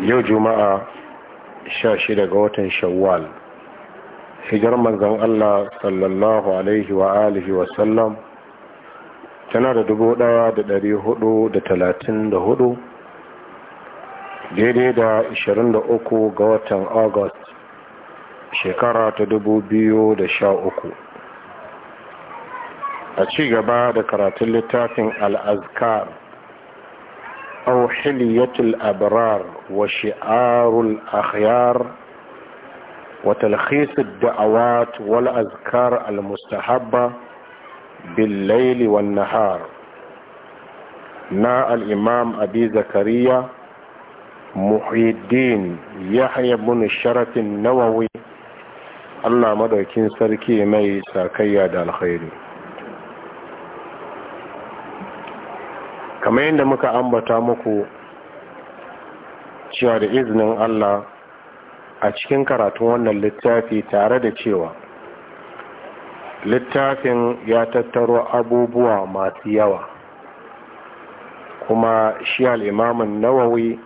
yau juma'a 16 ga watan shawwal hijar manzan Allah sallallahu alaihi wa alihi wa sallam tana da dubu ɗaya da dari hudu da talatin da hudu daidai da 23 ga watan august shekara ta dubu biyu da sha uku a ci gaba da karatun littafin al'azkar أو حلية الأبرار وشعار الأخيار وتلخيص الدعوات والأذكار المستحبة بالليل والنهار نا الإمام أبي زكريا محي الدين يحيى بن الشرف النووي الله مدركين سركي ميسا ساكيا الخيري kamar yadda muka ambata muku cewa da izinin Allah a cikin karatun wannan littafi tare da cewa littafin ya tattaro abubuwa masu yawa kuma shi al'imamin nawawi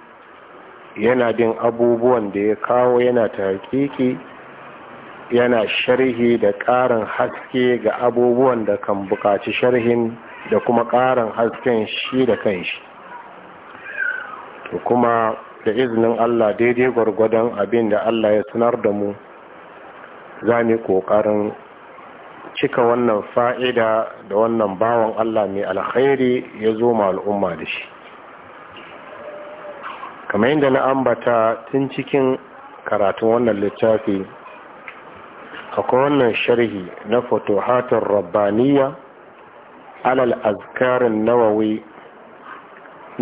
yana bin abubuwan da ya kawo yana ta hakiki yana sharhi da ƙarin haske ga abubuwan da kan buƙaci sharhin da kuma ƙarin hasken shi da kanshi to kuma da izinin Allah daidai gwargwadon abin da Allah ya sanar da mu za mu ƙoƙarin cika wannan fa'ida da wannan bawan Allah mai alkhairi ya zo ma al'umma da shi kamar yadda na ambata tun cikin karatun wannan littafi akwai wannan sharhi na fotohatar rabbaniya alal azkarin nawawi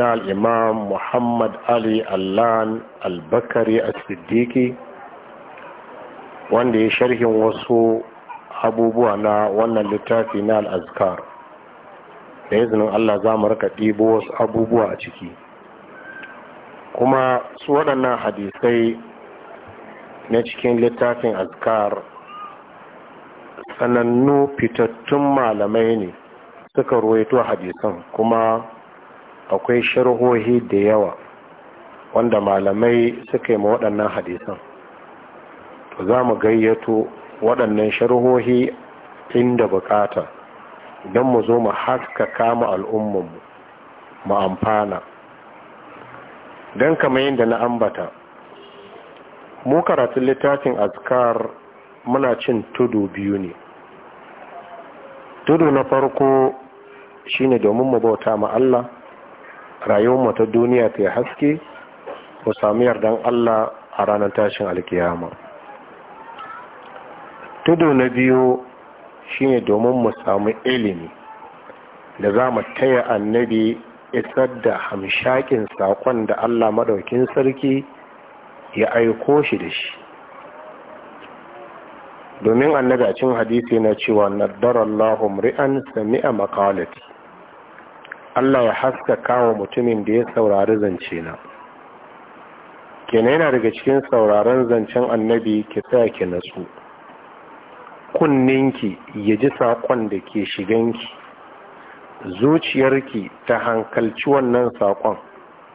na al'imam muhammad ali allan albakari a siddiki wanda ya sharhin wasu abubuwa na wannan littafi na al'azkar da izinin allah za mu rika ɗibo wasu abubuwa a ciki kuma su waɗannan hadisai na cikin littafin azkar sanannu fitattun malamai ne suka ruwaito hadisan kuma akwai sharhohi da yawa wanda malamai suka yi ma waɗannan hadisan to za mu gayyato waɗannan sharhohi inda bukata don mu zo mu haska mu al'ummanmu mu amfana don kamar yadda na ambata mu karatun littafin azkar muna cin tudu biyu ne tudu na farko shine domin mu bauta ma Allah rayuwar mu ta duniya ta haske mu sami yardan Allah a ranar tashin alkiyama tudu na biyu shine domin mu samu ilimi da za mu taya annabi isar da hamshakin saƙon da Allah maɗaukin sarki ya aiko shi da shi domin annabi a cikin hadisi na cewa naddarallahu mri'an sami'a makalati. Allah ya haskaka wa mutumin da ya saurari zance na kenan yana daga cikin sauraron zancen annabi ki tsaya ki natsu kunninki ya ji saƙon da ke shiganki zuciyarki ta hankalci wannan saƙon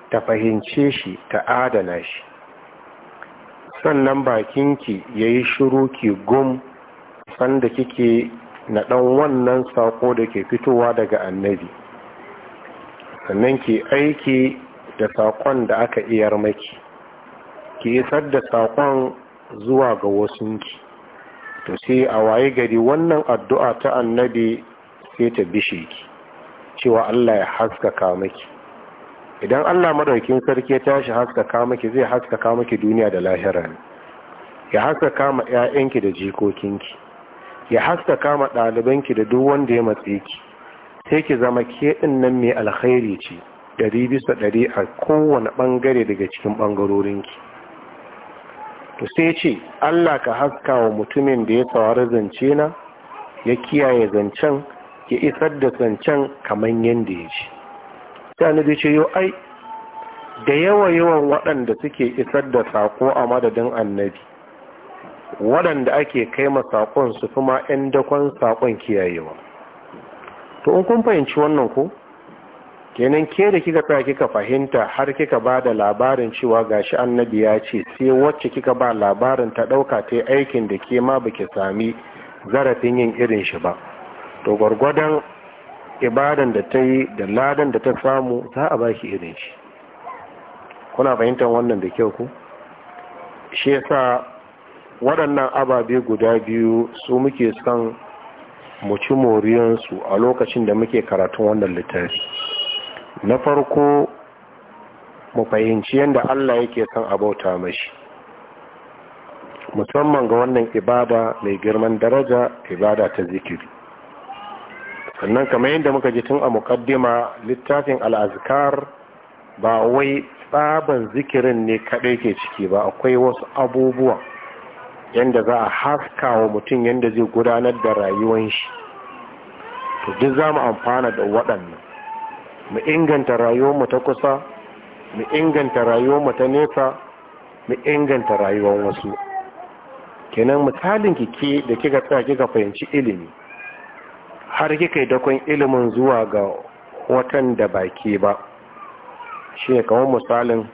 ta fahimce shi ta adana shi sannan bakinki ya yi shiru ki gum sanda kike na dan wannan saƙo da ke fitowa daga annabi sannan ki aiki da saƙon da aka iyar maki ki isar da saƙon zuwa ga wasunki to sai a waye gari wannan addu'a ta annabi sai ta bishe ki cewa Allah ya haskaka maki idan Allah madaukin sarki ya tashi haskaka miki zai haskaka miki duniya da lahira ne ya haskaka ma ƴaƴanki da jikokinki ya haskaka ma ɗalibanki da duk wanda ya matse ki sai ki zama ke nan mai alkhairi ce dari bisa ɗari a kowane ɓangare daga cikin bangarorinki to sai ce Allah ka haska wa mutumin da ya tsawar zance na ya kiyaye zancen ya isar da zancen kamar yadda ya ce sai annabi ce yau ai da yawa yawan waɗanda suke isar da sako a madadin annabi waɗanda ake kai ma sakon su kuma dakon sakon kiyayewa to in kun fahimci wannan ko kenan ke da kika tsaya kika fahimta har kika ba da labarin cewa gashi annabi ya ce sai wacce kika ba labarin ta ɗauka ta aikin da ke ma baki sami zarafin yin irin shi ba to gwargwadon ibadan da ta yi da ladan da ta samu za a ba shi irin shi kuna fahimtar wannan da kyau ku shi yasa waɗannan ababe guda biyu su muke son mu ci moriyansu a lokacin da muke karatun wannan littafi na farko mu fahimci yadda Allah yake son a mashi musamman ga wannan ibada mai girman daraja ibada ta zikiri sannan kamar yadda muka ji tun a mukaddima littafin al'azkar ba wai tsaban zikirin ne kaɗai ke ciki ba akwai wasu abubuwa yadda za a haska wa mutum yadda zai gudanar da rayuwan shi to duk za mu amfana da waɗannan mu inganta mu ta kusa mu inganta mu ta nesa mu inganta rayuwar wasu kenan misalin kike da kika tsaya kika fahimci ilimi har kika yi dakon ilimin zuwa ga watan da baki ba shi ne kamar misalin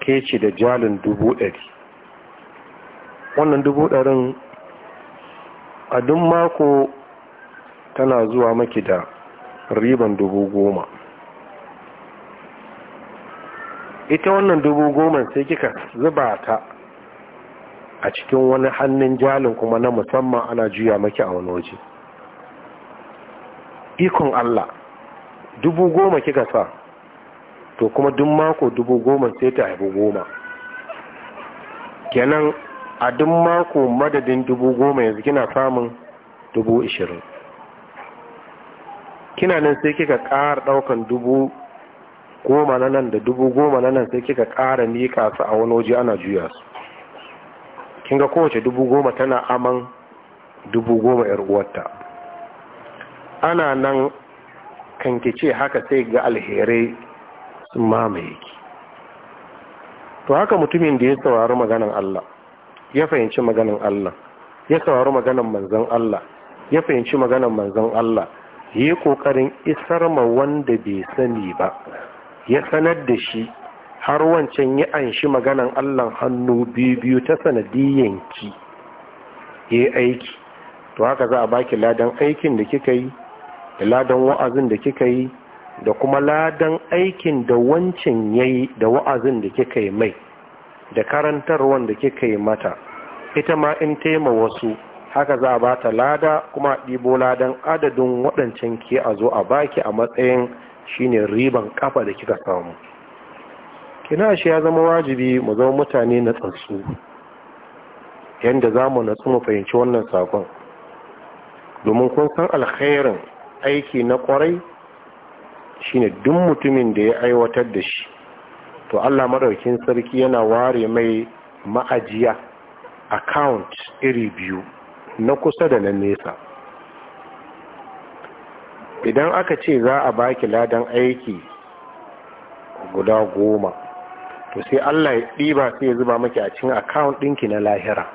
keci da jalin dubu ɗari wannan dubu ɗarin a duk mako tana zuwa maki da riban dubu goma ita wannan dubu goma sai kika zuba ta a cikin wani hannun jalin kuma na musamman ana juya maki a wani waje ikon Allah dubu goma kika sa to kuma duk mako dubu goma sai ta haifi goma kenan a duk mako madadin dubu goma yanzu kina samun dubu ishirin kina nan sai kika ƙara ɗaukan dubu goma na nan da dubu goma na nan sai kika ƙara miƙa su a wani waje ana juya su kin ga kowace dubu goma tana aman dubu goma 'yar uwarta ana nan kankice haka sai ga alherai sun mamaye ki to haka mutumin da ya saurari maganan Allah ya fahimci maganan Allah ya saurari maganan manzon Allah ya fahimci maganan manzon Allah yi kokarin isar ma wanda bai sani ba ya sanar da shi har wancan ya anshi maganan Allah hannu biyu biyu ta sanadiyyanki ya yi aiki to haka za a baki ladan aikin da kika yi da ladan wa'azin da kika yi da kuma ladan aikin da wancin ya yi da wa'azin da kika yi mai da karantarwan da kika yi mata ita ma in taima wasu haka za a ba ta lada kuma ɗibo ladan adadin waɗancan ke a zo a baki a matsayin shine riban kafa da kika samu kina shi ya zama wajibi mu zama mutane na tsatsu yadda za mu natsu mu fahimci wannan sakon domin kun san alkhairin aiki na kwarai shine duk mutumin da ya aiwatar da shi to Allah madaukin sarki yana ware mai ma'ajiya account iri biyu na kusa da na nesa idan aka ce za a baki ladan aiki guda goma to sai Allah ya ɗiba sai ya zuba maki a cikin account ɗinki na lahira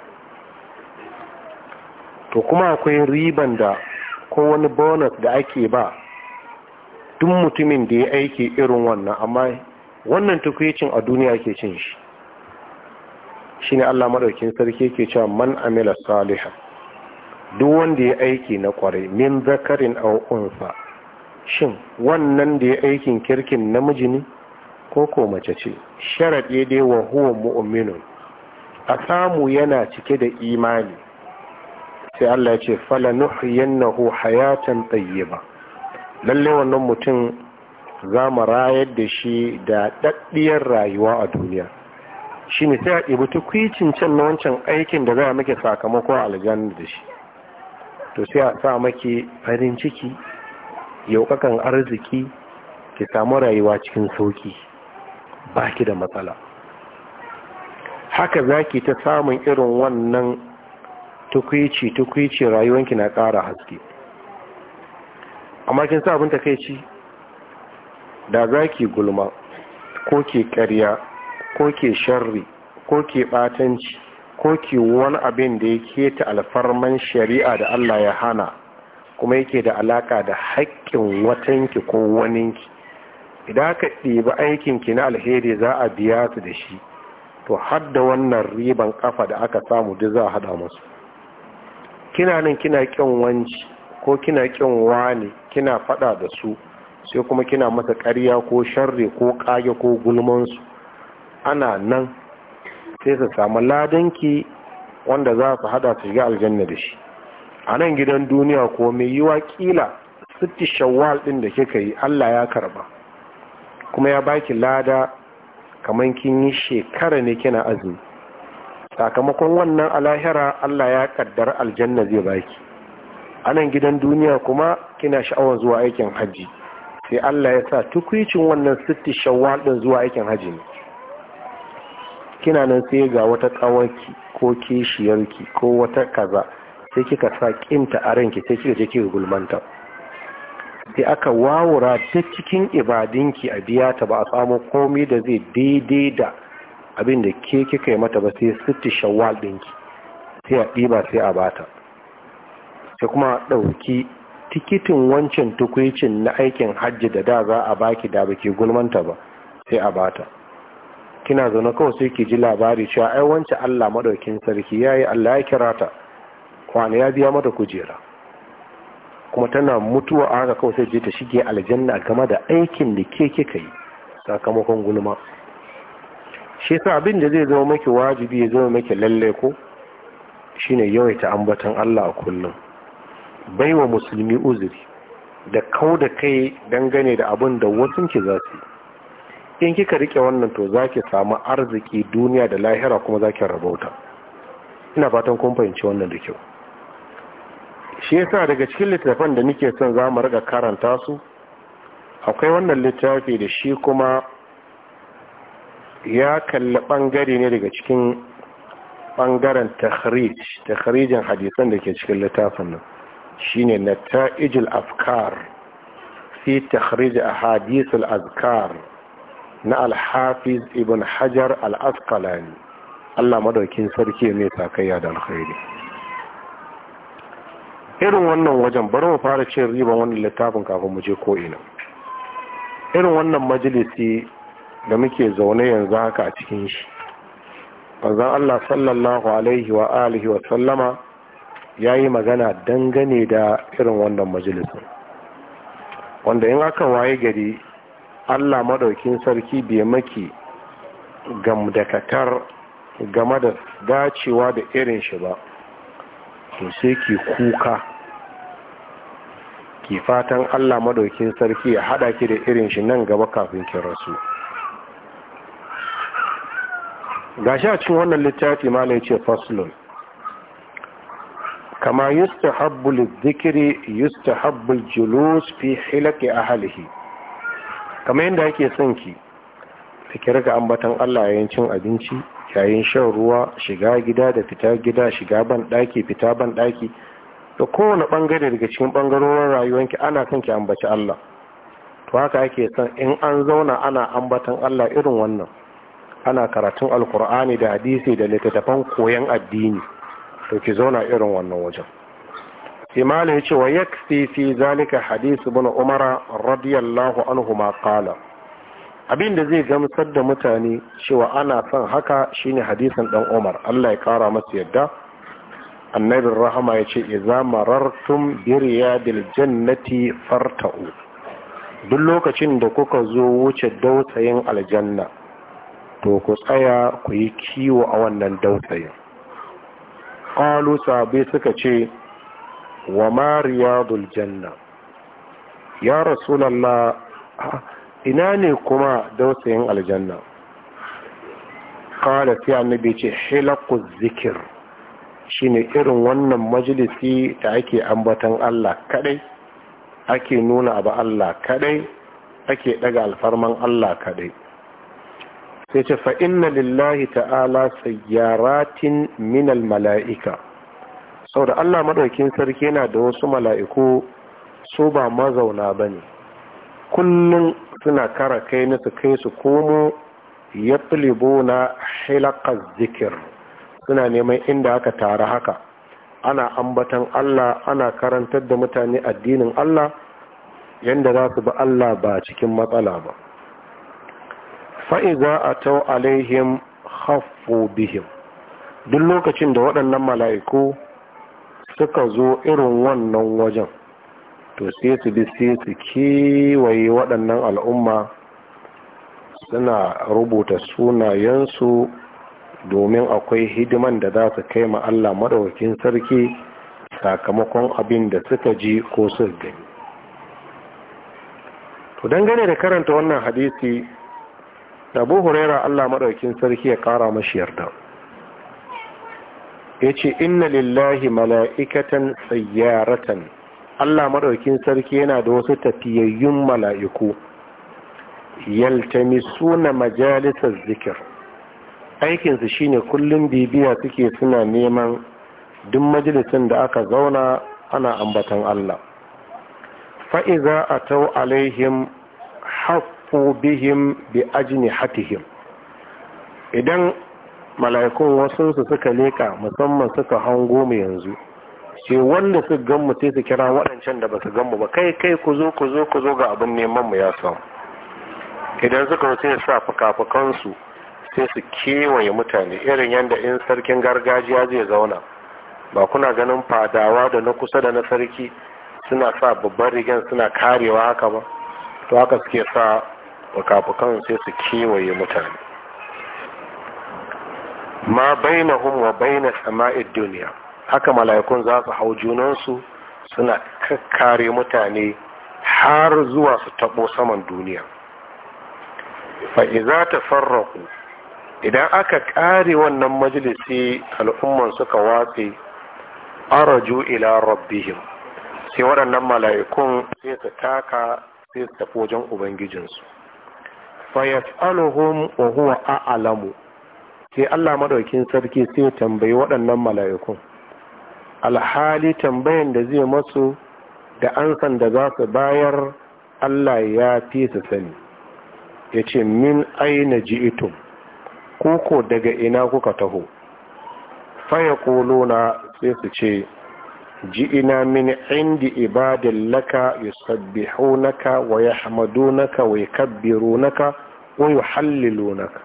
to kuma akwai riban da ko wani bonus da ake ba duk mutumin da ya aiki irin wannan amma wannan tukwicin a duniya ke cin shi ne Allah maɗaukin sarki ke cewa man amila saliha duk wanda ya aiki na kwarai min zakarin a unsa shin wannan da ya aikin kirkin namiji ne ko ko mace ce Sharaɗe dai wa huwa mu'minun a samu yana cike da imani sai Allah ya ce fala nuhyiyannahu hayatan tayyiba lalle wannan mutum za mu rayar da shi da daddiyar rayuwa a duniya shine sai a ibi tukwicin can na wancan aikin da za a sakamakon sakamako a aljanna da shi to sai a sa maki farin ciki yaukakan arziki ki samu rayuwa cikin sauki baki da matsala haka zaki ta samun irin wannan tukwici tukwici rayuwanki na ƙara haske amma kin sa abin takeici da za ki gulma ko ke ƙarya ko ke sharri ko ke ɓatanci ko ke wani abin da ya keta alfarman shari'a da Allah ya hana kuma yake da alaka da haƙƙin watanki ko waninki idan ka ɗiba aikinki na alheri za a biya su da shi to har wannan riban kafa da aka samu duk za a haɗa musu kina nan kina kyan wanci ko kina kyan wani kina fada da su sai kuma kina masa ƙarya ko sharri ko kage ko gulman su ana nan sai su samu ladanki wanda za su hada su shiga aljanna da shi a nan gidan duniya ko mai yiwa kila sitti shawwal din da kika yi Allah ya karba kuma ya baki lada kamar kin yi shekara ne kina azumi sakamakon wannan alahira Allah ya kaddar aljanna zai baki anan gidan duniya kuma kina sha'awar zuwa aikin haji. sai Allah ya sa tukwicin wannan sitti shawwal din zuwa aikin haji ne kina nan sai ga wata kawarki ko kishiyarki ko wata kaza sai kika sa kinta a ranki sai kika je kika gulmanta sai aka wawura ta cikin ibadinki a biya ta ba a samu komai da zai daidai da abin da ke kika yi mata ba sai sitti shawwal ɗinki sai a ɗiba sai a bata sai kuma ɗauki tikitin wancan tukwicin na aikin hajji da da za a baki da baki gulmanta ba sai a bata kina zaune kawai sai ki ji labari cewa ai wancan Allah maɗaukin sarki yayi Allah ya kira ta kwana ya biya mata kujera kuma tana mutuwa a haka kawai sai je ta shige aljanna game da aikin da ke kika yi sakamakon gulma shi sa abin da zai zama maki wajibi ya zama maki lalle ko Shi shine yawaita ambatan Allah a kullum baiwa musulmi uzuri da kau da kai dangane da abin da wasu ki za su in kika rike wannan to za ki samu arziki duniya da lahira kuma za ki rabauta ina fatan kun fahimci wannan da kyau shi yasa daga cikin littattafan da nike son za mu riga karanta su akwai wannan littafi da shi kuma ya kalli ɓangare ne daga cikin ɓangaren takhrij takhrijin hadisan da ke cikin littafin nan shine nata'ijul afkar fi takhrij a hadisul azkar na al-hafiz ibn hajar al-asqalani Allah madaukin sarki mai sakayya da alkhairi irin wannan wajen bari mu fara cin riban wannan littafin kafin mu je ko ina irin wannan majalisi da muke zaune yanzu haka a cikin shi manzon Allah sallallahu alaihi wa alihi wa sallama ya yi magana dangane da irin wannan majalisun wanda in aka waye gari Allah madaukin sarki bai maki gamdakatar game da dacewa da irin shi ba to sai ki kuka ki fatan Allah madaukin sarki ya hada ki da irin shi nan gaba kafin ki rasu gashi a cikin wannan littafi mala ya ce faslun kama Yusta zikiri Yusta habbul julus fi hilaki halihi kamar yadda ake son ki ki riga ambatan Allah yayin cin abinci yayin shan ruwa shiga gida da fita gida shiga ban daki fita ban daki da kowane bangare daga cikin bangarorin rayuwanki ana kan ki ambaci Allah to haka ake son in an zauna ana ambatan Allah irin wannan ana karatun alkur'ani da hadisi da littattafan koyon addini to ki zauna irin wannan wajen imala ya ce wa yakfi fi zalika hadisi bin umara radiyallahu anhu ma abin da zai gamsar da mutane cewa ana son haka shine hadisin dan umar Allah ya kara masu yadda annabin rahama ya ce iza marartum bi riyadil jannati farta'u duk lokacin da kuka zo wuce dautayin aljanna to ku tsaya ku yi kiwo a wannan dausayin ƙalu sabi suka ce wa mariya janna ya rasulallah ina ne kuma dausayin aljanna ƙala sai annabi ce hilakku zikir shine irin wannan majalisi da ake ambatan Allah kadai ake nuna abu Allah kadai ake ɗaga alfarman Allah kaɗai? sai ce fa inna lillahi ta'ala sayyaratin minal mala'ika saboda Allah maɗaukin sarki yana da wasu mala'iku su ba mazauna ba ne kullum suna kara kai na su kai su komo ya filibo na hilakar zikir suna neman inda aka tare haka ana ambatan Allah ana karantar da mutane addinin Allah yadda za su bi Allah ba cikin matsala ba fa'iza a tau alaihim haffu bihim duk lokacin da waɗannan mala'iku suka zo irin wannan wajen to sai su bi sai su kewaye waɗannan al'umma suna rubuta sunayensu domin akwai hidiman da za su kai ma Allah maɗaukakin sarki sakamakon abin da suka ji ko su gani to dangane da karanta wannan hadisi abu huraira allah maɗaukin sarki ya ƙara mashi yarda ya ce inna lillahi mala'ikatan tsayyaratan allah maɗaukin sarki yana da wasu tafiyayyun mala'iku yaltamisuna majalisar zikir aikinsu shine kullum bibiya suke suna neman duk majalisin da aka zauna ana ambatan allah fa'iza a tau alaihim haf aji bihim bi ajnihatihim idan mala'ikun wasu su suka leka musamman suka hango mu yanzu shi wanda su gan mu sai su kira waɗancan da basu su gan mu ba kai kai ku zo ku zo ku zo ga abin neman mu ya samu idan suka wuce sa fuka su sai su kewaye mutane irin yadda in sarkin gargajiya zai zauna ba kuna ganin fadawa da na kusa da na sarki suna sa babban rigen suna karewa haka ba to haka suke sa fukafukan sai su kewaye mutane ma bainahum wa baina sama'id duniya haka mala'ikun za su hau junansu suna kakkare mutane har zuwa su tabo saman duniya Fa'iza ta tafarraqu idan aka kare wannan majalisi al'umman suka watse araju ila rabbihim sai waɗannan mala'ikun sai su taka sai su tafi wajen ubangijinsu fayas'aluhum wa huwa a'lamu sai Allah madaukin sarki sai ya tambayi waɗannan mala'ikun alhali tambayan da zai masu da ansan da za su bayar Allah ya fi su sani ya ce min aina ji'itum ko ko daga ina kuka taho faya na sai su ce ji'ina min indi ibadin laka yusabbihunaka wa yahmadunaka wa yukabbirunaka wa yuhallilunaka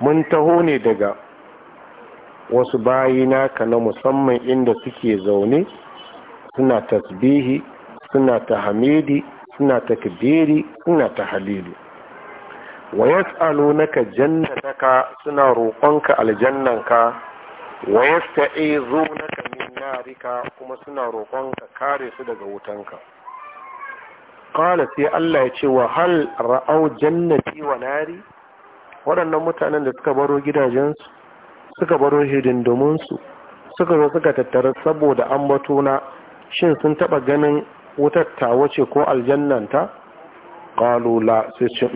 mun taho ne daga wasu bayi naka na musamman inda suke zaune suna tasbihi suna tahmidi suna takbiri suna tahlilu wa yas'alunaka jannataka suna roƙonka aljannanka wa yasta'izunaka min narika kuma suna roƙon ka kare su daga wutanka qala sai Allah ya ce wa hal ra'au jannati wa nari waɗannan mutanen da suka baro gidajensu suka baro hidindumunsu suka zo suka tattara saboda an ambatona shin sun taɓa ganin wutar ta wace ko aljannanta qalu la sai ce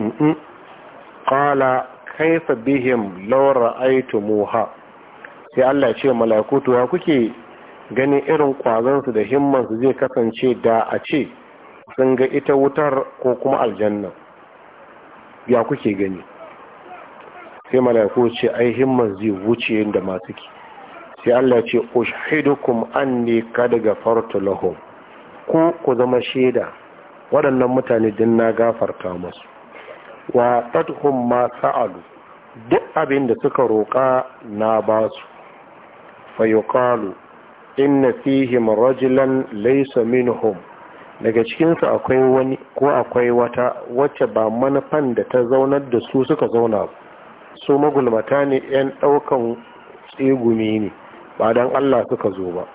qala kaifa bihim law ra'aytumuha sai Allah ya ce malaku to kuke ganin irin kwazansu da himmansu zai kasance da a ce sun ga ita wutar ko kuma aljanna ya kuke gani sai malaku ce ai himman zai wuce inda masu ki sai Allah ya ce ushidukum anni kad gafartu lahum ku ku zama shaida waɗannan mutane din na gafarta musu wa tadhum ma sa'alu duk abin da suka roƙa na basu. fayuqalu inna fihim rajulan laysa minhum daga cikinsu akwai wani ko akwai wata wacce ba manufan da ta zaunar da su suka zauna su magulmata ne 'yan ɗaukan tsegumi ne ba dan allah suka zo ba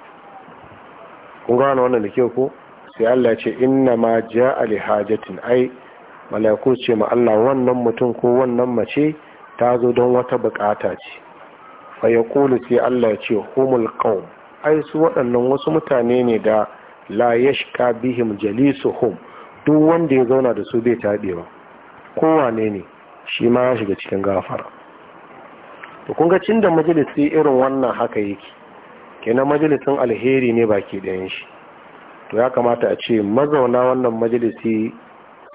kun gano wannan da ke ko sai allah ce inna ma li alihajatin ai malaiku ce ma allah wannan mutum ko wannan mace ta zo don wata bukata ce fa ya sai Allah ya ce humul qaum ai su waɗannan wasu mutane ne da la yashka bihim jalisuhum duk wanda ya zauna da su bai ko kowane ne shi ma ya shiga cikin gafara to kun ga cin da majalisi irin wannan haka yake kenan majalisin alheri ne baki ɗayan shi to ya kamata a ce mazauna wannan majalisi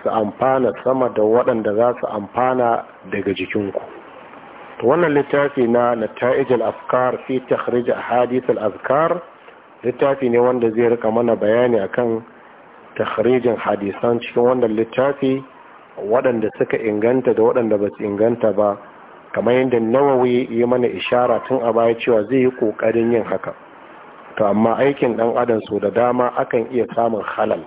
su amfana sama da waɗanda za su amfana daga jikinku to wannan littafi na nata'ij al-afkar fi takhrij ahadith al-azkar littafi ne wanda zai rika mana bayani akan takhrijin hadisan cikin wannan littafi waɗanda suka inganta da waɗanda ba su inganta ba kamar yadda nawawi yi mana ishara tun a baya cewa zai yi ƙoƙarin yin haka to amma aikin ɗan adam su da dama akan iya samun halal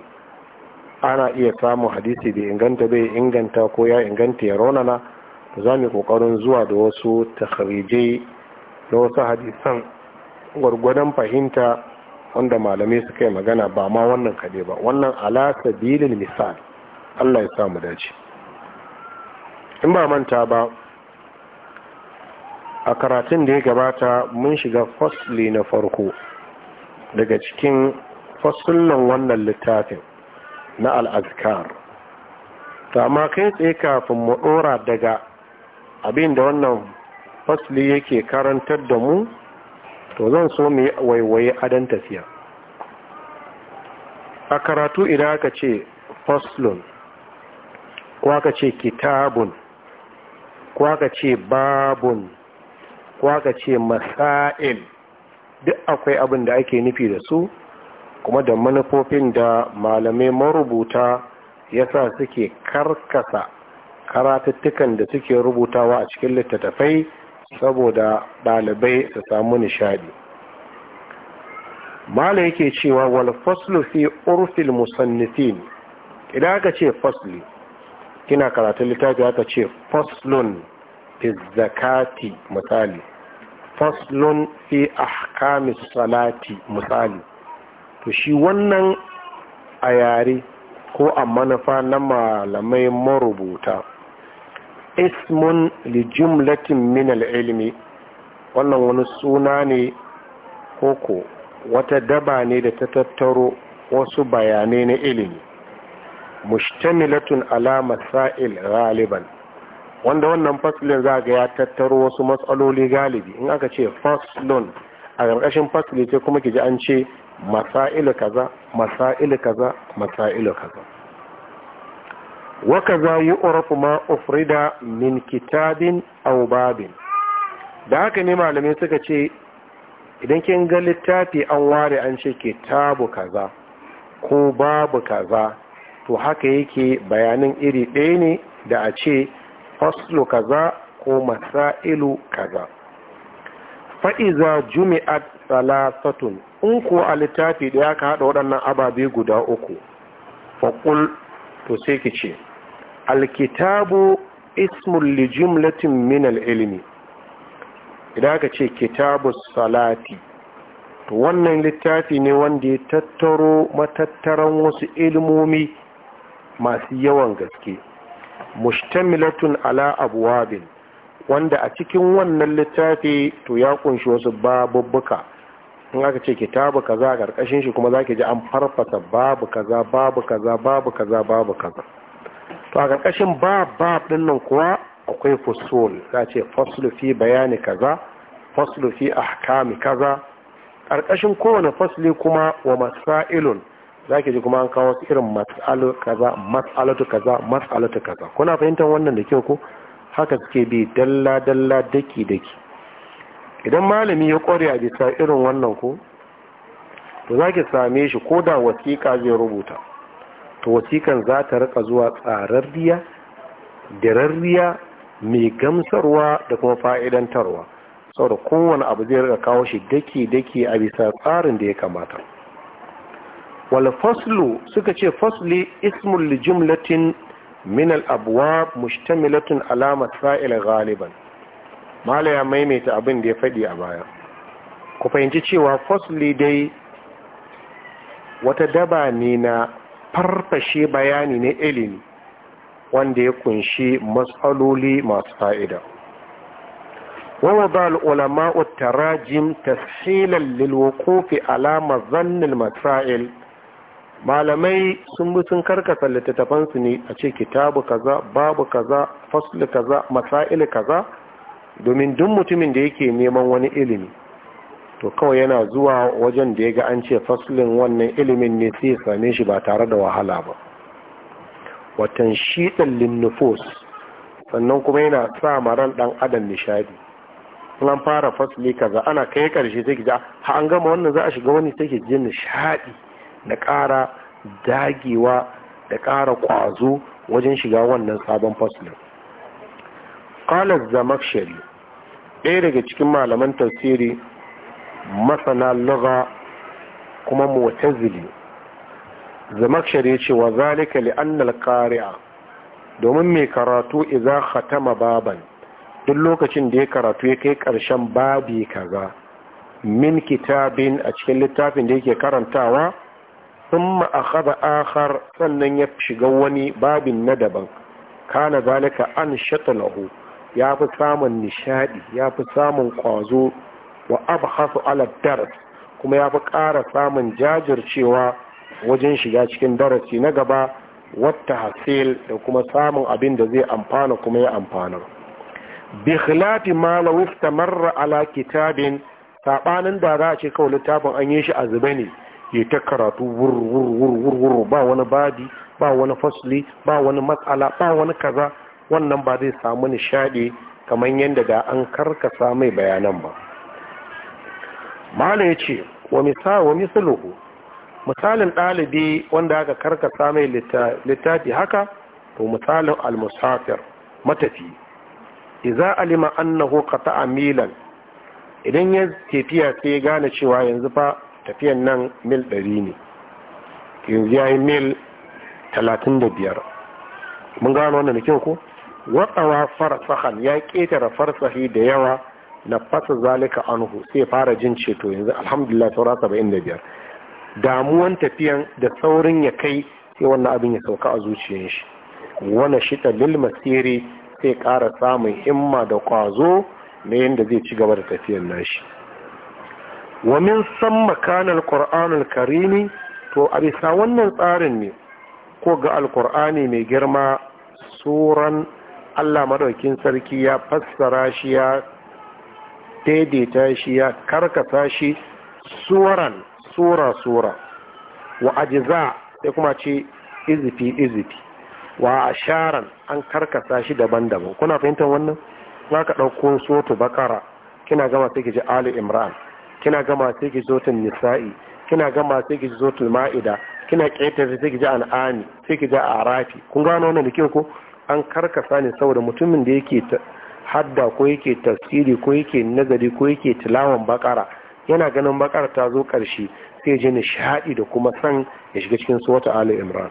ana iya samun hadisi bai inganta bai inganta ko ya inganta ya raunana za mu kokarin zuwa da wasu takharijai da wasu hadisan gwargwadon fahimta wanda malamai suka yi magana ba ma wannan kade ba wannan ala sabilil misal Allah ya samu dace in ba manta ba a karatun da ya gabata mun shiga fasli na farko daga cikin fasullin wannan littafin na al'azkar ta ma kai tsaye kafin mu ɗora daga abin da wannan fasli yake karantar da mu to zan so mu waiwaye adan tafiya a karatu idan aka ce faslun ko aka ce kitabun ko aka ce babun ko aka ce masail duk akwai abin da ake nufi da su kuma da manufofin da malamai marubuta sa suke karkasa karatattukan da suke rubutawa a cikin littattafai saboda ɗalibai su samu nishadi mala yake cewa wal faslu fi urfil musannifin idan aka ce fasli kina karatun littafi aka ce faslun fi zakati misali faslun fi ahkamis salati misali to shi wannan a yare ko a manufa na malamai marubuta ismun li jumlatin min ilmi wannan wani suna ne koko wata daba ne da ta tattaro wasu bayanai na ilimi mushtamilatun ala masail galiban wanda wannan faslin za ga ya tattaro wasu matsaloli galibi in aka ce faslun a ƙarƙashin fasli sai kuma ki ji an ce masailu kaza masailu kaza masailu kaza wakaza yu'rafu ma ufrida min kitabin aw da haka ne malamai suka ce idan kin ga littafi an ware an ce kitabu kaza ko babu kaza to haka yake bayanin iri ɗaya ne da a ce faslu kaza ko masailu kaza fa'iza jumi'at salasatun in ko a littafi da ya ka haɗa waɗannan ababe guda uku faƙul to sai ki ce alkitabu ismun li minal min ilmi idan aka ce kitabu salati to wannan littafi ne wanda ya tattaro matattaran wasu ilmomi masu yawan gaske mushtamilatun ala abuwabin wanda a cikin wannan littafi to ya kunshi wasu babubbuka in aka ce kitabu kaza a ƙarƙashin shi kuma za ki ji an farfasa babu kaza babu kaza babu kaza babu kaza to a ƙarƙashin bab bab ɗin nan kuwa akwai fusul za ce faslu fi bayani kaza faslu fi ahkami kaza ƙarƙashin kowane fasli kuma wa masailun za ki ji kuma an kawo irin mas'alu kaza mas'alatu kaza mas'alatu kaza kuna fahimtar wannan da kyau ko haka suke bi dalla dalla daki daki idan malami ya kware a bisa irin wannan ko to za ki same shi ko da wasiƙa zai rubuta to wasikan za ta rika zuwa tsararriya dirarriya mai gamsarwa da kuma fa'idantarwa saboda kowane abu zai rika kawo shi dake-dake a bisa tsarin da ya kamata wal faslu suka ce fasli ismul li jumlatin min al abwab mushtamilatin ala masail ghaliban mala ya maimaita abin da ya faɗi a baya ku fahimci cewa fasli dai wata daba ne na farfashe bayani na ilimi wanda ya kunshi matsaloli masu fa'ida ووضع العلماء التراجم تسهيلا للوقوف alama zannin المسائل malamai sun bi sun karkasa littattafansu ne a ce kitabu kaza babu kaza fasli kaza masail kaza domin duk mutumin da yake neman wani ilimi to kawai yana zuwa wajen da ya ga an ce faslin wannan ilimin ne sai ya same shi ba tare da wahala ba watan shiɗin linnufos sannan kuma yana sa maran ɗan adam nishadi in an fara fasli kaza ana kai ƙarshe take ga ha an gama wannan za a shiga wani take ke jin nishadi da ƙara dagewa da ƙara ƙwazo wajen shiga wannan sabon faslin qala zamakshari ɗaya daga cikin malaman tafsiri masana lugha kuma mu'tazili zamakshari shari'a ce wa zalika li'annal kari'a. domin mai karatu idza khatama baban duk lokacin da ya karatu ya kai karshen babi kaza min kitabin a cikin littafin da yake karantawa thumma akhadha akhar sannan ya shiga wani babin na daban kana zalika an shatalahu ya fi samun nishadi ya fi samun kwazo wa abhasu ala daras kuma ya fi ƙara samun jajircewa wajen shiga cikin darasi na gaba wata hasil da kuma samun abin da zai amfana kuma ya amfana bi khilati ma law istamarra ala kitabin sabanin da za a ce kawai littafin an yi shi a zube ne ya ta karatu wur ba wani badi ba wani fasli ba wani matsala ba wani kaza wannan ba zai samu nishadi kamar yadda da an karkasa mai bayanan ba mala ya ce wa misaluhu misalin ɗalibi wanda aka karkasa mai littafi haka to misalin almusafir matafi iza alima annahu qata'a milan idan ya tafiya sai ya gane cewa yanzu fa tafiyan nan mil ɗari ne yanzu ya yi mil talatin da biyar mun gano wannan da kyau ko waɗawa farsahan ya ƙetare farsahi da yawa na fasa zalika anhu sai fara jin ceto yanzu alhamdulillah saura saba'in da biyar damuwan tafiyan da saurin ya kai sai wannan abin ya sauka a zuciyar shi wani shida lil masiri sai ƙara samun himma da ƙwazo na yadda zai ci gaba da tafiyan nashi wa min san makanar ƙur'anul karimi to a bisa wannan tsarin ne ko ga alƙur'ani mai girma suran allah madaukin sarki ya fassara shi ya daidaita shi ya karkasa shi suran sura sura wa ajiza sai kuma ce izifi izifi wa asharan an karkasa shi daban-daban kuna fahimtar wannan za ka ɗauko sotu bakara kina gama sai ki ji ali imran kina gama sai ki zo nisa'i kina gama sai ki zo ma'ida kina ƙetare sai ki ji sai ki ji arafi kun gano wannan da kyau ko an karkasa ne saboda mutumin da yake hadda ko yake tafsiri ko yake nazari ko yake tilawan bakara yana ganin bakara ta zo ƙarshe sai ji nishadi da kuma san ya shiga cikin suwata ali imran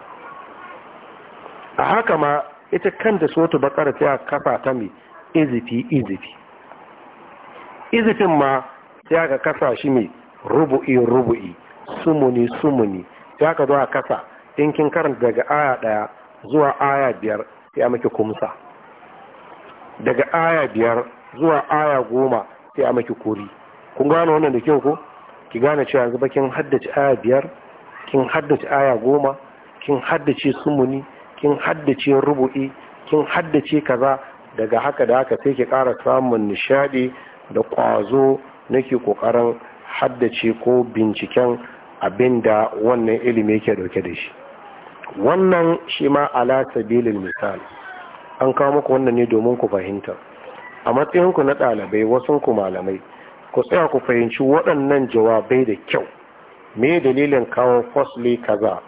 a haka ma ita kan kanta suwata bakara ta kafa ta mai izifi izifi izifin ma sai aka kasa shi mai rubu'i rubu'i sumuni sumuni sai aka zo a kasa in kin karanta daga aya ɗaya zuwa aya biyar sai a maki kumsa daga aya biyar zuwa aya goma sai a maki kori kun gane wannan da kyau ko ki gane cewa yanzu kin haddace aya biyar kin haddace aya goma kin haddace sumuni kin haddace rubu'i kin haddace kaza daga haka da haka sai ki ƙara samun nishaɗi da ƙwazo nake ƙoƙarin haddace ko binciken abinda wannan ilimi yake dauke da shi wannan shi ma ala sabilil misali an kawo muku wannan ne domin ku fahimta a matsayinku na ɗalibai ku malamai ku tsaya ku fahimci waɗannan jawabai da kyau me dalilin kawo fosli kaza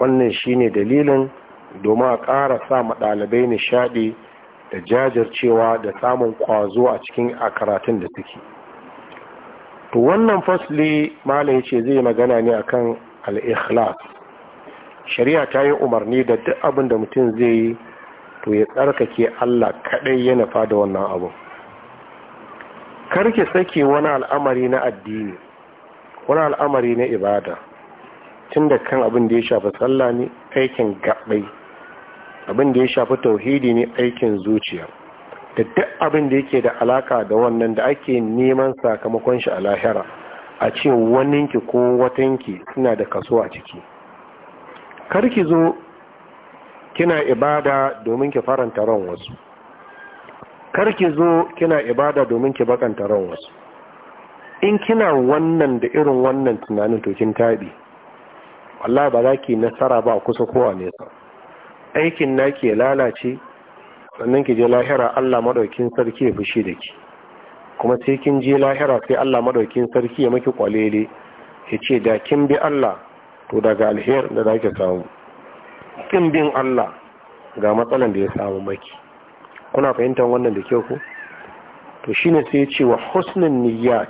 wannan shine dalilin domin a ƙara sa ma ɗalibai nishaɗi da jajircewa da samun kwazo a cikin a karatun da suke to wannan fasli malam ya ce zai magana ne akan al-ikhlas shari'a ta yi umarni da duk abin da mutum zai yi to ya tsarkake Allah kaɗai ya nufa da wannan abu karki sake wani al'amari na addini wani al'amari na ibada tun da kan abin da ya shafi tsalla ne aikin gaɓai abin da ya shafi tauhidi ne aikin zuciya da duk abin da yake da alaka da wannan da ake neman sakamakon shi a lahira a ce waninki ko watanki suna da kaso a ciki karki zo kina ibada domin ki faranta ran wasu kar ki zo kina ibada domin ki bakanta ran wasu in kina wannan da irin wannan tunanin to kin tabi wallahi ba za ki nasara ba kusa kowa nesa aikin na ke lalace sannan ki je lahira Allah madaukin sarki ya fushi da ki kuma sai kin je lahira sai Allah madaukin sarki ya maki kwalele ya ce da kin bi Allah to daga alher da zaki samu haƙƙin bin Allah ga matsalan da ya samu maki kuna fahimtar wannan da kyau ku to shine sai ce wa husnin niyyat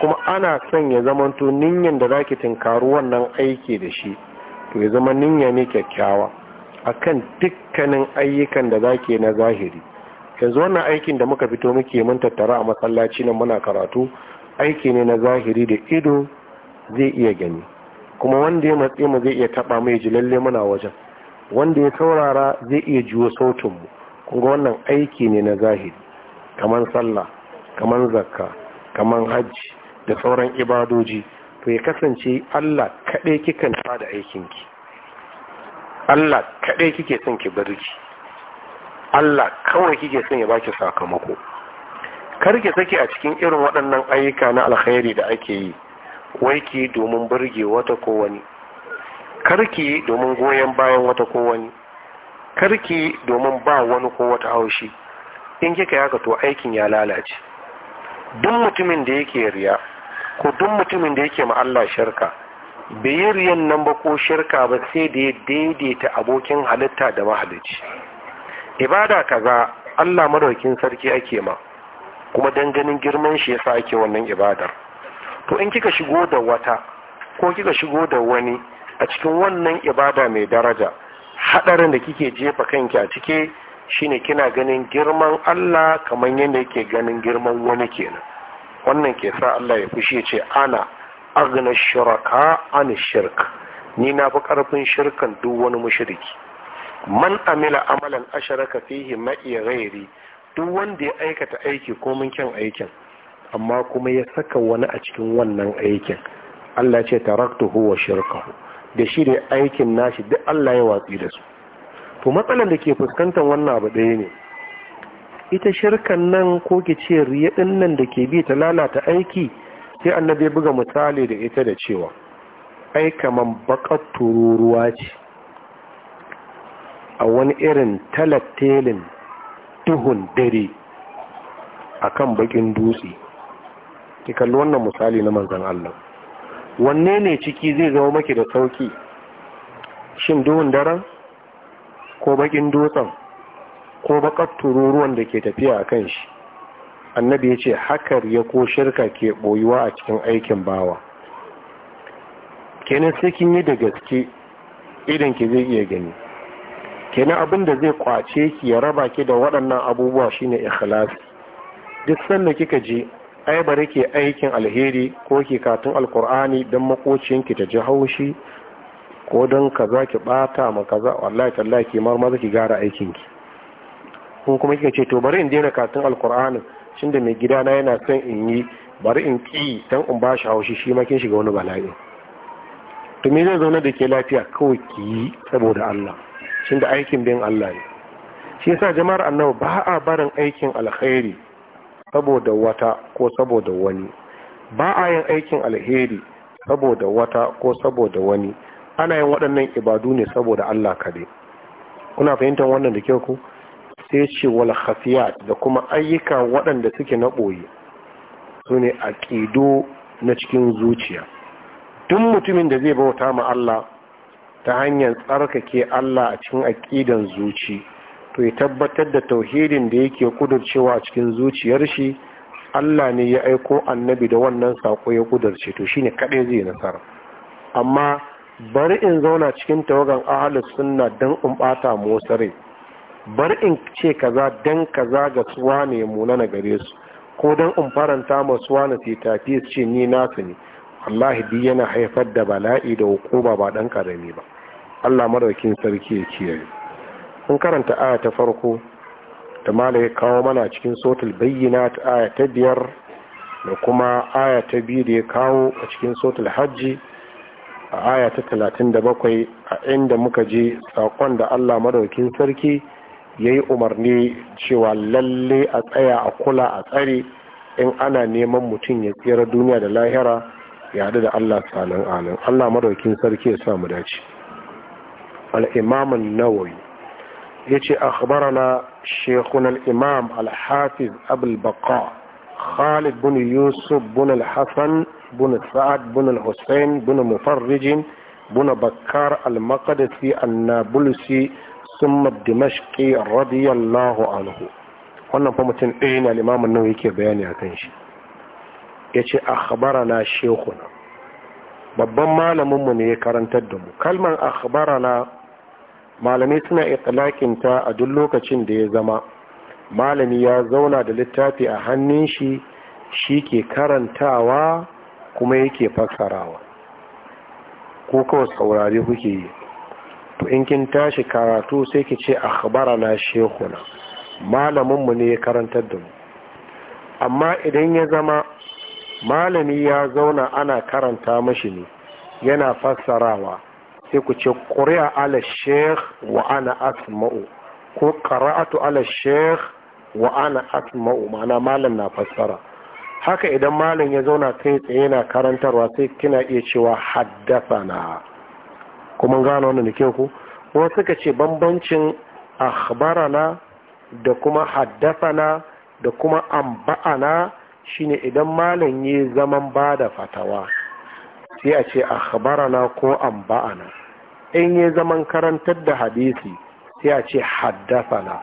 kuma ana son ya to ninyan da zaki tinkaru wannan aiki da shi to ya zama niyya ne kyakkyawa akan dukkanin ayyukan da zaki na zahiri yanzu wannan aikin da muka fito muke mun tattara a masallaci nan muna karatu aiki ne na zahiri da ido zai iya gani kuma wanda ya matse mu zai iya taba mai ji lalle muna wajen wanda ya saurara zai iya juwa sautinmu kuma wannan aiki ne na zahiri kamar sallah kamar zakka kamar hajji da sauran ibadoji to ya kasance Allah kaɗai kikan da aikinki Allah kaɗai kike son ki barci Allah kawai kike son ya baki sakamako kar ki sake a cikin irin waɗannan ayyuka na alkhairi da ake yi wai ki domin burge wata ko karki domin goyon bayan wata ko wani karki domin ba wani ko wata haushi in kika yaka to aikin ya lalace duk mutumin da yake riya ko duk mutumin da yake ma'alla sharka, shirka bai yi riyan nan ba ko shirka ba sai da ya daidaita abokin halitta da mahalicci ibada kaza Allah madaukin sarki ake ma kuma dan ganin girman shi ya sa ake wannan ibadar to in kika shigo da wata ko kika shigo da wani a cikin wannan ibada mai daraja hadarin da kike jefa kanki a cike shine kina ganin girman Allah kamar yadda yake ganin girman wani kenan wannan ke sa Allah ya fushi ce ana agna shuraka an shirk ni na fi karfin shirkan duk wani mushriki man amila amalan asharaka fihi ma'i ghairi duk wanda ya aikata aiki ko mun kyan aikin amma kuma ya saka wani a cikin wannan aikin Allah ce taraktuhu wa shirkahu da shi da aikin nashi duk Allah ya watsi da su to matsalar da ke fuskantar wannan abu ɗaya ne ita shirkan nan ko ki ce riya nan da ke bi ta lalata aiki sai annabi buga misali da ita da cewa ai man bakar tururuwa ce a wani irin talattelin duhun dare akan baƙin dutse ki kalli wannan misali na manzon Allah wanne ne ciki zai zama maki da sauki shin duhun daren ko bakin dutsen ko bakar tururuwan da ke tafiya a kan shi annabi ya ce hakar ya ko shirka ke boyuwa a cikin aikin bawa kenan sai kin yi da gaske idan ki zai iya gani kenan abin da zai kwace ki ya raba ki da waɗannan abubuwa shine ikhlasi duk sanda kika je ai bari ke aikin alheri ko ke katun alkur'ani don makociyanki ta ji haushi ko don kaza ki bata ma kaza wallahi tallahi ki marmaza ki gara aikinki kun kuma kika ce to bari in daina katun alkur'ani shin da mai gida na yana son in yi bari in ki dan in ba shi haushi shi ma kin shiga wani bala'i Tumi me zai zauna da ke lafiya kawai ki yi saboda Allah shin da aikin bin Allah ne shi yasa jama'ar annabi ba a barin aikin alkhairi saboda wata ko saboda wani ba a yin aikin alheri saboda wata ko saboda wani ana yin waɗannan ibadu ne saboda Allah kaɗai kuna fahimtar wannan da kyau ku sai ce wal khafiyat da kuma ayyuka waɗanda suke na ɓoye su ne aƙido na cikin zuciya duk mutumin da zai bauta ma Allah ta hanyar tsarkake Allah a cikin aƙidan zuci to ya tabbatar da tauhidin da yake kudurcewa a cikin zuciyar shi Allah ne ya aiko annabi da wannan sako ya kudurce to shine kadai zai nasara amma bari in zauna cikin tawagan ahlus sunna dan in bata motsare bari in ce kaza dan kaza ga suwa ne muna na gare su ko dan in faranta ma suwa na tafi su ce ni nasu ne wallahi bi yana haifar da bala'i da hukuma ba dan karami ba Allah madaukin sarki ya kiyaye Sun karanta aya ta farko da mala ya kawo mana cikin sotul bayyana ta aya ta biyar da kuma aya ta biyu da ya kawo a cikin sotul hajji a aya ta talatin da bakwai a inda muka je sakon da allah madaukin sarki ya yi umarni cewa lalle a tsaya a kula a tsare in ana neman mutum ya tsira duniya da lahira ya haɗu da allah salin alin allah madaukin sarki ya samu mu dace al'imamin nawawi yace akhbarana shaykhuna imam al-hafiz abul baqa khalid bin yusuf bin al-hasan bin sa'ad bin al-husayn bin mufarrij bin bakkar al-maqdisi an-nablusi ثم anhu wannan fa mutum ɗaya ne limamin nan yake bayani a kan shi ya ce akhbarana shekuna babban malaminmu ne ya karantar da mu kalman akhbarana malamai suna ikilakinta a duk lokacin da ya zama malami ya zauna da littafi a hannun shi shi ke karantawa kuma yake fassarawa ko kawai saurari kuke yi to in kin tashi karatu sai ki ce na shekuna malaminmu ne ya karantar da mu amma idan ya zama malami ya zauna ana karanta mashi ne yana fassarawa sai ku ce ƙuri'a ala sheikh wa ana asma'u ko ƙara'atu ala sheikh wa ana asma'u ma'ana malam na fassara haka idan malam ya zauna kai tsaye yana karantarwa sai kina iya cewa haddasa na kuma gano wani da ku kuma suka ce bambancin akhbarana da kuma haddasana da kuma amba'ana shine idan malam ya zaman ba da fatawa sai a ce akhbarana ko amba'ana in yi zaman karantar da hadisi sai a ce haddasana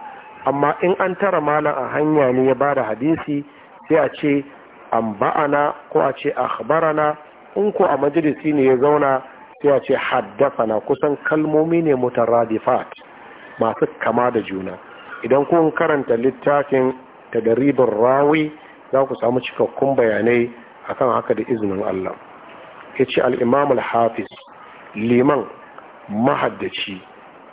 amma in an tara malam a hanya ne ya bada hadisi sai a ce amba'ana ko a ce akhbarana in ko a majalisi ne ya zauna sai a ce haddasana kusan kalmomi ne radifat masu kama da juna idan kun karanta littafin tadaribin rawi za ku samu cikakkun bayanai akan haka da izinin Allah ya ce al'imam hafiz liman mahaddaci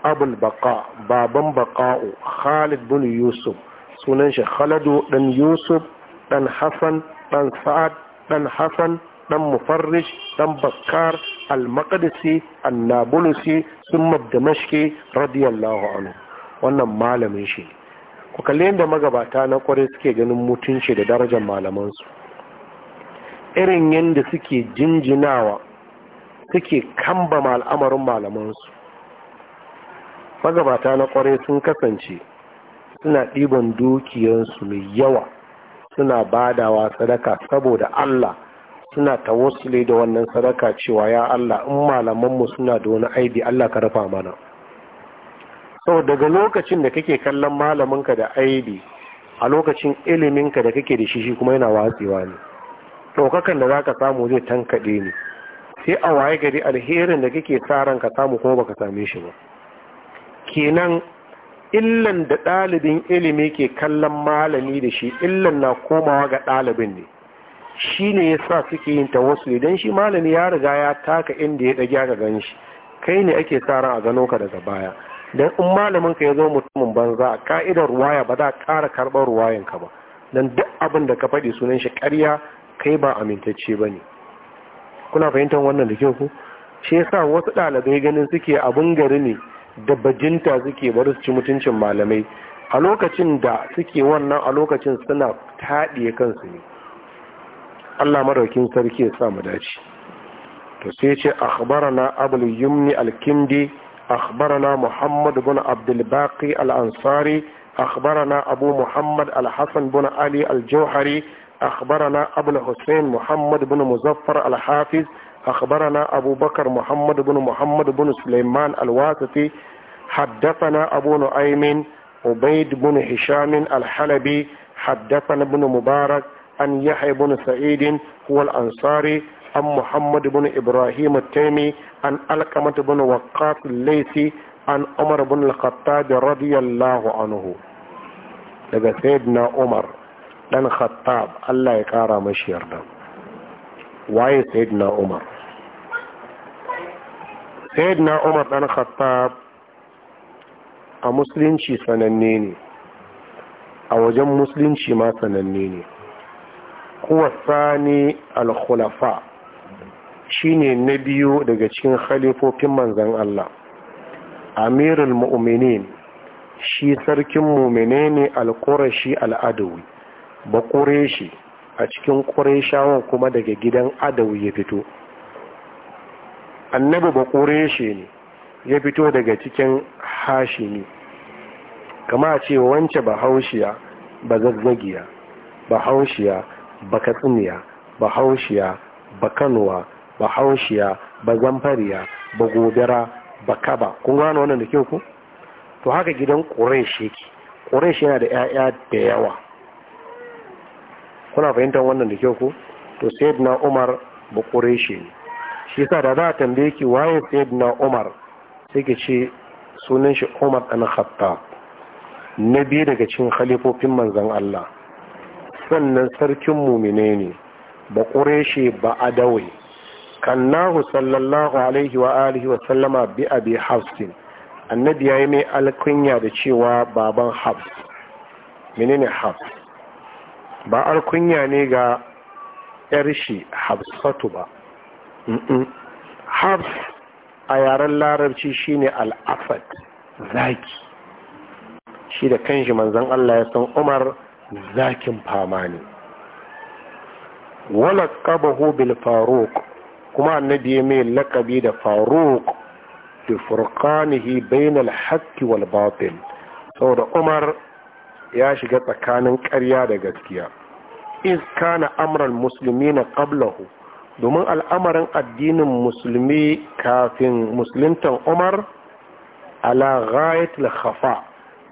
abul baka baban baka'u khalid bin yusuf sunan shi khaladu ɗan yusuf ɗan hassan ɗan sa'ad ɗan hassan ɗan mufarrish ɗan bakkar al-maqdisi annabulusi sun mabdamashki radiyallahu anhu wannan malamin shi ku kalli yadda magabata na kwarai suke ganin mutunci da darajar malamansu irin yadda suke jinjinawa suke kambama al'amarin malamansu magabata na kwarai sun kasance suna ɗiban dukiyarsu mai yawa suna badawa sadaka saboda Allah suna tawassule da wannan sadaka cewa ya Allah in malamanmu suna da wani aibi Allah ka rufa mana sau daga lokacin da kake kallon malaminka da aibi a lokacin iliminka da kake da shi shi kuma yana watsewa ne ɗaukakan da za ka samu zai tankaɗe ne sai a waye gari alherin da kake sa ran ka samu kuma baka same shi ba kenan illan da ɗalibin ilimi ke kallon malami da shi illan na komawa ga ɗalibin ne shi ne ya sa suke yin ta wasu idan shi malami ya riga ya taka inda ya ɗage aka gan shi kai ne ake sa ran a gano ka daga baya don in malamin ka ya zo mutumin banza a ka'idar ruwaya ba za a ƙara karɓar ruwayan ka ba don duk abin da ka faɗi sunan shi ƙarya kai ba amintacce ba ne kuna fahimtar wannan da kyau ku shi yasa wasu ɗalibai ganin suke abin gari ne da bajinta suke bari su ci mutuncin malamai a lokacin da suke wannan a lokacin suna taɗiye kansu ne Allah maraukin sarki ya sa mu dace to sai ce akhbarana abul yumni al akhbarana muhammad bin abdul baqi al-ansari akhbarana abu muhammad al-hasan bin ali al-jauhari أخبرنا أبو الحسين محمد بن مزفر الحافظ أخبرنا أبو بكر محمد بن محمد بن سليمان الواسطي حدثنا أبو نعيم عبيد بن هشام الحلبي حدثنا ابن مبارك أن يحيى بن سعيد هو الأنصاري عن محمد بن إبراهيم التيمي عن ألقمة بن وقاص الليثي عن عمر بن الخطاب رضي الله عنه لذا سيدنا عمر dan khattab Allah ya kara mashi yarda waye sayyidina umar sayyidina umar dan khattab a musulunci sananne ne a wajen musulunci ma sananne ne kuwa sani al-khulafa shine na biyu daga cikin khalifofin manzan Allah amirul mu'minin shi sarkin mu'mine ne al-qurashi al-adawi ba a cikin ƙureshawan kuma daga gidan adawu ya fito annabi ba ƙureshi ne ya fito daga cikin hashimi kama ce wance ba haushiya ba zazzagiya ba haushiya ba katsiniya ba haushiya ba kanuwa ba haushiya ba zamfariya ba gobera ba kaba kun gano wannan da kyau ku to haka gidan ƙureshi yake ƙureshi yana da 'ya'ya da yawa kuna fahimtar wannan da kyau ko to sayyidina umar ba ne shi yasa da za a tambaye ki waye sayyidina umar sai ki ce sunan shi umar dan khattab na biyu daga cikin khalifofin manzon Allah sannan sarkin mumine ne ba ƙureshe ba adawai kannahu sallallahu alaihi wa alihi wa sallama bi abi hafsin annabi yayi mai alkunya da cewa baban hafs menene hafs ba alkunya ne ga yar shi hafsatu ba hafs a yaren larabci shine al'afat zaki shi da kanshi manzon Allah ya san Umar zakin fama ne kabahu bil faruq kuma annabi ya mai lakabi da faruk da furqanihi bainal haqqi wal batil saboda Umar ya shiga tsakanin ƙarya da gaskiya iz kana amran musulmi na ƙablahu domin al'amarin addinin musulmi kafin musuluntan umar ala ghayatul khafa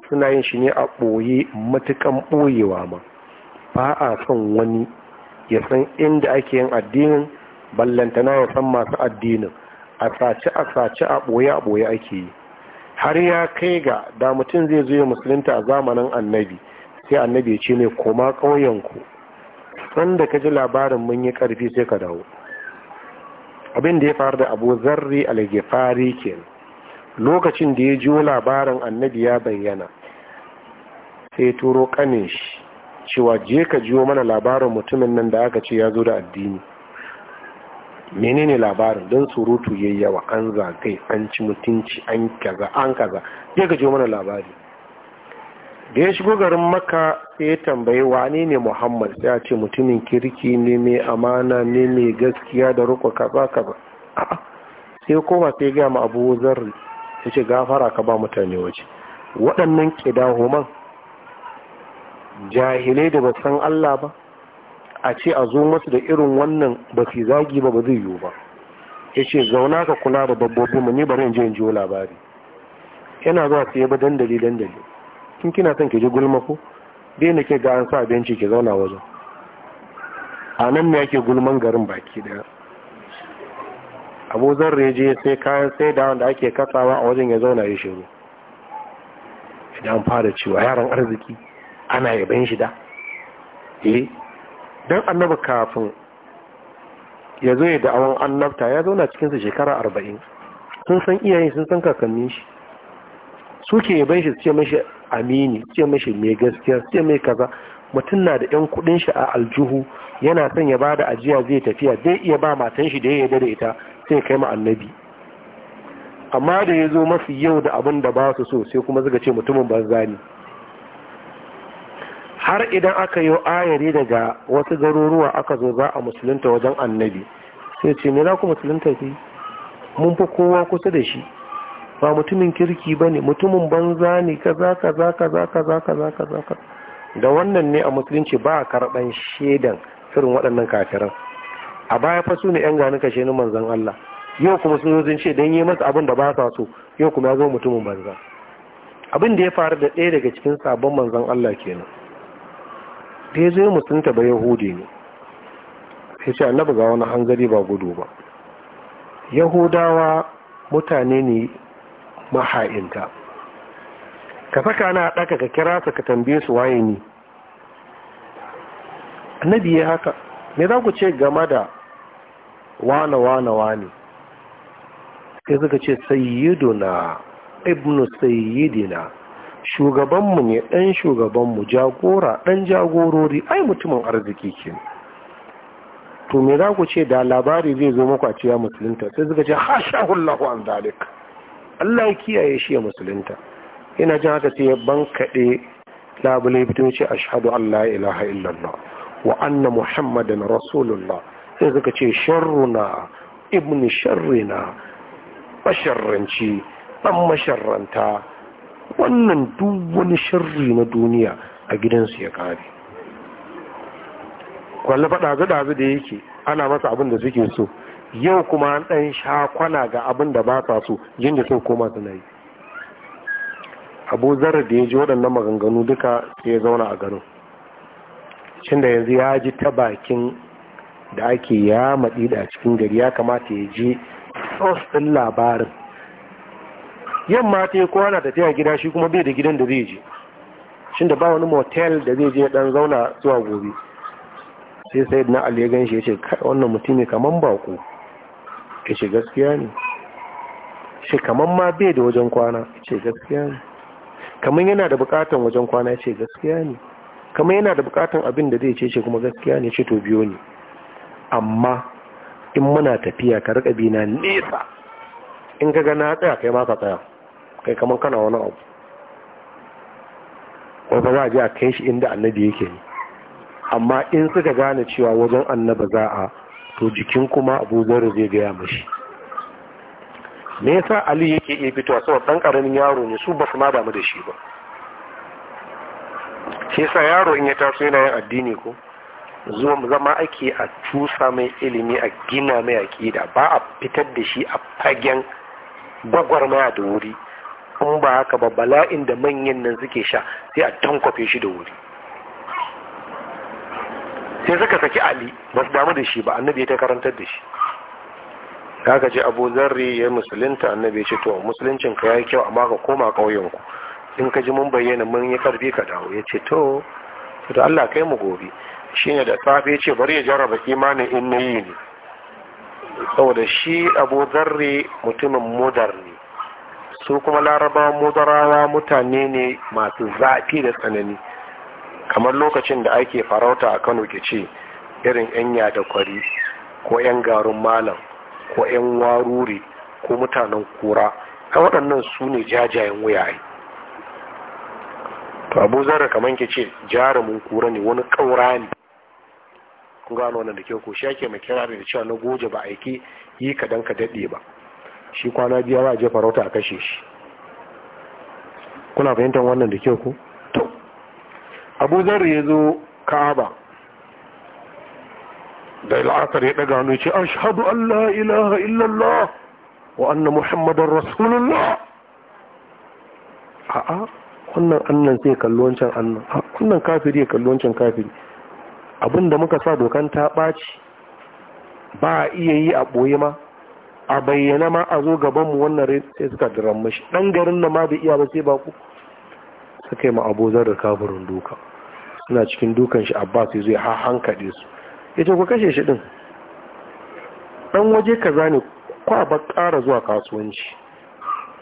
suna yin shi ne a ɓoye matukan ɓoyewa ma ba a son wani ya san inda ake yin addinin ballantana ya san masu addinin a sace a sace a ɓoye a ɓoye ake yi har ya kai ga da mutum zai zo ya musulunta a zamanin annabi sai annabi ya ce ne koma ƙauyenku sanda ka ji labarin mun yi karfi sai ka dawo abin da ya faru da abu zarri fari ke lokacin da ya ji labarin annabi ya bayyana sai turo kanin shi cewa je ka jiwo mana labarin mutumin nan da aka ce ya zo da addini menene labarin don surutu ya yawa an zagai an ci mutunci an kaza an kaza je ka jiwo mana labari da ya shigo garin maka sai ya tambayi wane ne muhammad Ya ce mutumin kirki ne mai amana ne mai gaskiya da riko kaza ba sai koma sai gaya ma abu zarri ya ce gafara ka ba mutane waje waɗannan homan jahilai da ba san allah ba a ce a zo masu da irin wannan ba su zagi ba ba zai yiwu ba ya ce zauna ka kula da babbobi mu ni ba zan je in labari yana zuwa sai ba dandali dandali kin kina son ki ji gulma ko daina ke ga an sa benci ke zauna wajen a nan ne yake gulman garin baki daya abu zan reje sai kayan sai da wanda ake katsawa a wajen ya zauna ya shiru idan fara cewa yaran arziki ana yaban shi da eh Don annabi kafin ya zo da da'awan annabta ya zauna su shekara arba'in sun san iyayen sun san kakannin shi suke ban shi su ce mashi amini ce mashi mai gaskiya ce mai kaza mutum na da yan kudin shi a aljihu. yana son ya ba da ajiya zai tafiya zai iya ba matan shi da ya yarda da ita sai kai ma annabi amma da ya zo mafi yau da abin da ba su so sai kuma zuga ce mutumin banza ne har idan aka yi ayari daga wasu garuruwa aka zo za a musulunta wajen annabi sai ce me za ku musulunta fi mun fi kowa kusa da shi ba mutumin kirki ba ne mutumin banza ne kaza kaza kaza kaza kaza kaza da wannan ne a musulunci ba a karɓan shaidan irin waɗannan kafiran a baya fa su ne yan gani kashe ni manzon Allah yau kuma sun zo ce dan yi masa abin da ba sa so yau kuma ya zo mutumin banza abin da ya faru da ɗaya daga cikin sabon manzon Allah kenan da ya zo musulunta ba yahudi ne sai ce annabi ga wani hanzari ba gudu ba yahudawa mutane ne maha'inta ka saka na ɗaka ka kira su ka tambaye su waye ni annabi ya haka me za ku ce game da wane wane wane sai suka ce na, ibnu sayyidina shugabanmu ne ɗan shugabanmu jagora ɗan jagorori ai mutumin arziki ke to me za ku ce da labari zai zo makwaciya a musulunta sai suka ce hasha hullahu an Allah ya kiyaye shi ya musulunta ina jin haka sai ya bankaɗe labule fito ce ashhadu an la ilaha illallah wa anna muhammadan rasulullah sai suka ce sharruna ibn sharrina masharranci dan masharranta wannan duk wani sharri na duniya a gidansu ya kare kwallafa ɗazu-ɗazu da yake ana masa abin da suke so yau kuma an ɗan sha kwana ga abin da ba sa so jin da sai koma suna yi abu zarar da ya ji waɗannan maganganu duka sai ya zauna a garin shin da yanzu ya ji ta bakin da ake ya maɗi da cikin gari ya kamata ya ji sos ɗin labarin yamma ta yi kowa na tafiya gida shi kuma bai da gidan da zai je shin da ba wani motel da zai je ɗan zauna zuwa gobe sai sai na ali ya ganshi ya ce wannan mutum ne kamar bako ya ce gaskiya ne ce kaman ma bai da wajen kwana ya ce gaskiya ne kaman yana da bukatan wajen kwana ya ce gaskiya ne kaman yana da bukatan abin da zai ce ce kuma gaskiya ne ce to biyo ne amma in muna tafiya ka rika bina nesa in ka gana tsaya kai ma ka tsaya kai kaman kana wani abu wanda za a je a kai shi inda annabi yake ne amma in suka gane cewa wajen annaba za a to jikin kuma abubuwar zai gaya mashi me yasa ali yake iya fitowa saboda ɗan karamin yaro ne su ba su ma damu da shi ba shi yasa yaro in ya taso yana yin addini ko zama ake a cusa mai ilimi a gina mai aƙida ba a fitar da shi a fagen gwagwarmaya da wuri in ba haka ba bala'in da manyan nan suke sha sai a tankwafe shi da wuri sai suka saki ali ba su damu da shi ba annabi ta karantar da shi kaka ce abu zarri ya musulunta annabi ce to musuluncin ka yi kyau amma ka koma ƙauyenku in ka ji mun bayyana mun yi karfi ka dawo ya ce to da Allah kai mu gobe shine da safe ya ce bari ya jarraba imanin in na yi ne saboda shi abu zarri mutumin modar ne su kuma larabawa mudarawa mutane ne masu zafi da tsanani kamar lokacin da ake farauta a kano ke ce irin 'yan yada kwari ko 'yan garin malam ko 'yan waruri, ko mutanen kura kan waɗannan su ne jajayen wuyaye to abu zarra kamar ke ce jarumin kura ne wani ƙaura ne kun gano wannan da ke ko shi ake mai kira da cewa na goje ba aiki yi kadan ka daɗe ba shi kwana biya ba a je farauta a kashe shi kuna fahimtar wannan da ke ku abu zar ya zo ka'aba da la'akar ya daga hannu ce ashhadu an Allah ilaha illallah wa anna muhammadar rasulullah a'a wannan annan sai kallo wancan annan wannan kafiri ya kallo wancan kafiri abinda muka sa dokan ta ɓaci ba a iya yi a ɓoye ma a bayyana ma a zo gabanmu wannan sai suka diran mashi ɗan garin na ma bai iya ba sai ba ku suka yi ma abu zarar kafirin duka suna cikin dukan shi abbas ya zai ha hankaɗe su ya ce ku kashe shi ɗin ɗan waje kaza ne kwa ba ƙara zuwa kasuwanci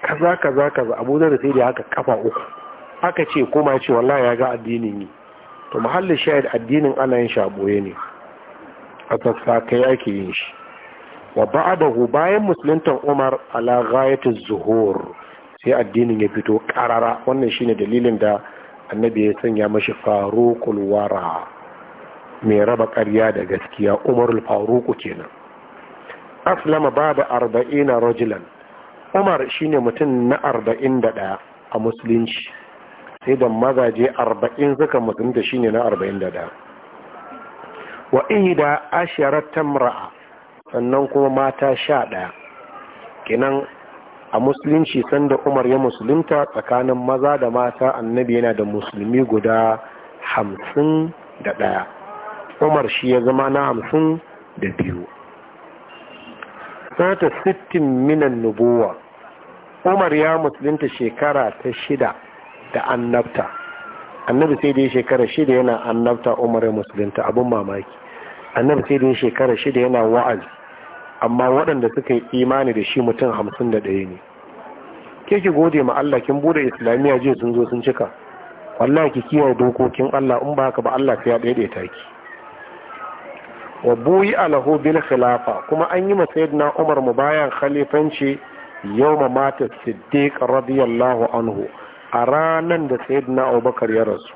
kaza kaza kaza abu zarar sai da haka kafa uku aka ce kuma ce wallahi ya ga addinin yi to mahallin shayar addinin ana yin shaboye ne a ya ake yin shi wa ba'adahu bayan musuluntan umar ala ghayatu zuhur sai addinin ya fito karara wannan shine dalilin da annabi ya sanya mashi faruqul wara mai raba karya da gaskiya umarul faruku kenan aslama babu arba'ina rajulan umar shine mutum na arba'in da ɗaya a musulunci sai da mazaje arba'in suka da shine na arba'in da ɗaya wa da ashirar tamra'a sannan kuma mata sha ɗaya kinan a musulunci sanda umar ya musulunta tsakanin maza da mata annabi yana da musulmi guda hamsin da ɗaya umar shi ya zama na hamsin da biyu sata sittin minan nubuwa umar ya musulunta shekara ta shida da annabta annabi sai dai shekara shida yana annabta umar ya musulunta abin mamaki annabi sai dai shekara shida yana wa'azi amma waɗanda suka yi imani da shi mutum hamsin da ɗaya ne ke ki gode ma Allah kin bude islamiyya je sun zo sun cika wallahi ki kiyaye dokokin Allah in ba haka ba Allah ya daidaita ki wa buyi alahu bil khilafa kuma an yi masayidina Umar mu bayan khalifanci yawma mata Siddiq radiyallahu anhu a ranan da sayyidina Abubakar ya rasu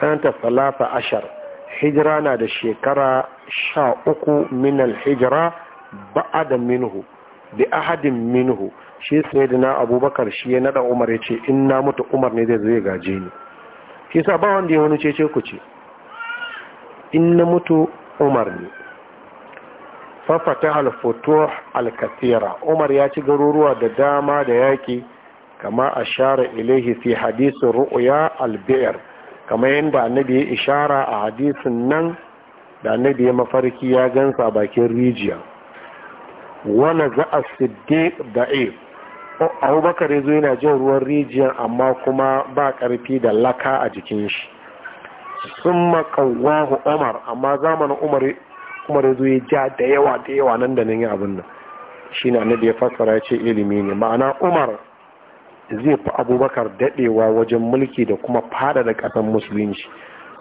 sanata salasa ashar hijira na da shekara sha uku min al hijira ba'ad minhu bi ahadin minhu shi sayyidina abubakar shi ya nada umar ya ce in na mutu umar ne zai zai gaje ni shi sa ba wanda ya wani cece ku ce in na mutu umar ne fafata al-kathira umar ya ci garuruwa da dama da yaki kama a share ilaihi fi hadisin ru'uya bi'r kama yadda annabi ya ishara a hadisin nan da annabi ya mafarki ya gansa bakin rijiya wani za a siddiq da abubakar ya zo yana jin ruwan rijiyar amma kuma ba karfi da laka a jikin shi sun makawahu umar amma zamanin umar umar ya zo ya ja da yawa da yawa nan da nan yi abin nan shi na annabi ya fassara ce ilimi ne ma'ana umar zai fi abubakar daɗewa wajen mulki da kuma fada da ƙasar musulunci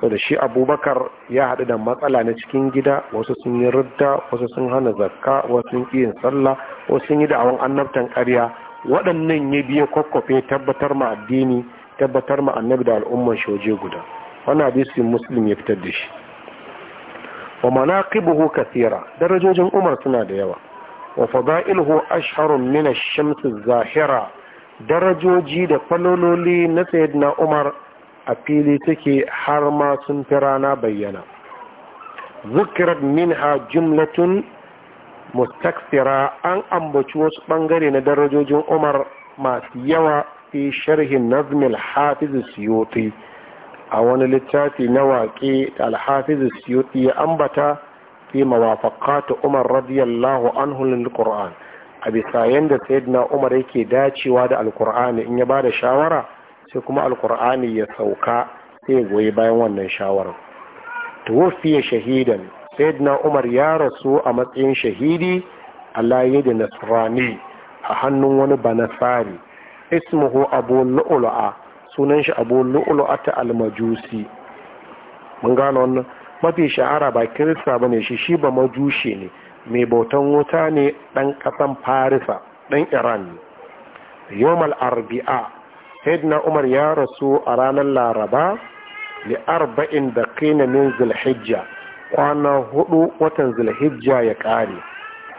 saboda shi abubakar ya haɗu da matsala na cikin gida wasu sun yi rudda wasu sun hana zakka wasu sun yin sallah wasu sun yi da'awan annabtan ƙarya waɗannan ya biya kwakwafe tabbatar ma addini tabbatar ma annabi da al'umman shoje guda wani hadisin muslim ya fitar da shi wa manaqibuhu kathira darajojin umar suna da yawa wa fada'iluhu asharun min ash shamsu zahira darajoji da falololi na sayyidina umar a fili take har ma sun fi rana bayyana zukirat minha jumlatun mustaksira an ambaci wasu bangare na darajojin umar masu yawa fi sharhin nazmil hafiz siyoti a wani littafi na waƙe da alhafiz siyoti ya ambata fi mawafakata umar radiyallahu anhu lil qur'an a bisa sayyidina umar yake dacewa da alkur'ani in ya bada shawara sai kuma alkur'ani ya sauka sai ya goyi bayan wannan shawarar ya shahidan sayyidina umar ya rasu a matsayin shahidi a layi da nasrani a hannun wani banasari ismuhu abu lu'ulu'a sunan shi abu lu'lu'a ta almajusi mun gano wannan mafi shahara ba kirista bane shi shi ba majushi ne mai bautan wuta ne dan kasan farisa dan iran ne yawmal arbi'a sayyidina umar ya rasu a ranar laraba da arba'in da kaina min zulhijja kwana hudu watan zulhijja ya kare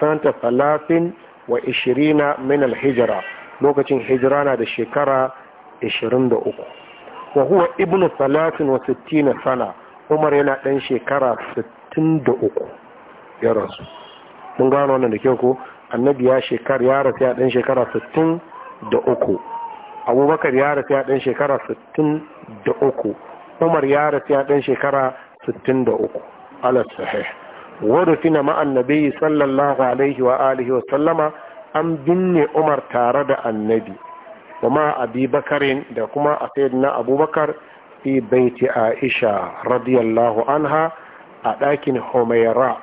santa falafin wa ishirina min alhijira lokacin hijira na da shekara 23 wa huwa ibnu salatin wa sittina sana umar yana ɗan shekara 63 ya rasu mun gano wannan da kyau ko annabi ya shekar ya rasu ya ɗan shekara sittin da uku. abubakar ya rasu ya ɗan shekara 63 umar ya rasu ya ɗan shekara 63 ala sahih wadda fina ma'an nabi sallallahu alaihi wa alihi wa sallama an binne umar tare da annabi wa ma abubakarin da kuma a na abubakar fi a aisha radiyallahu anha a ɗakin homera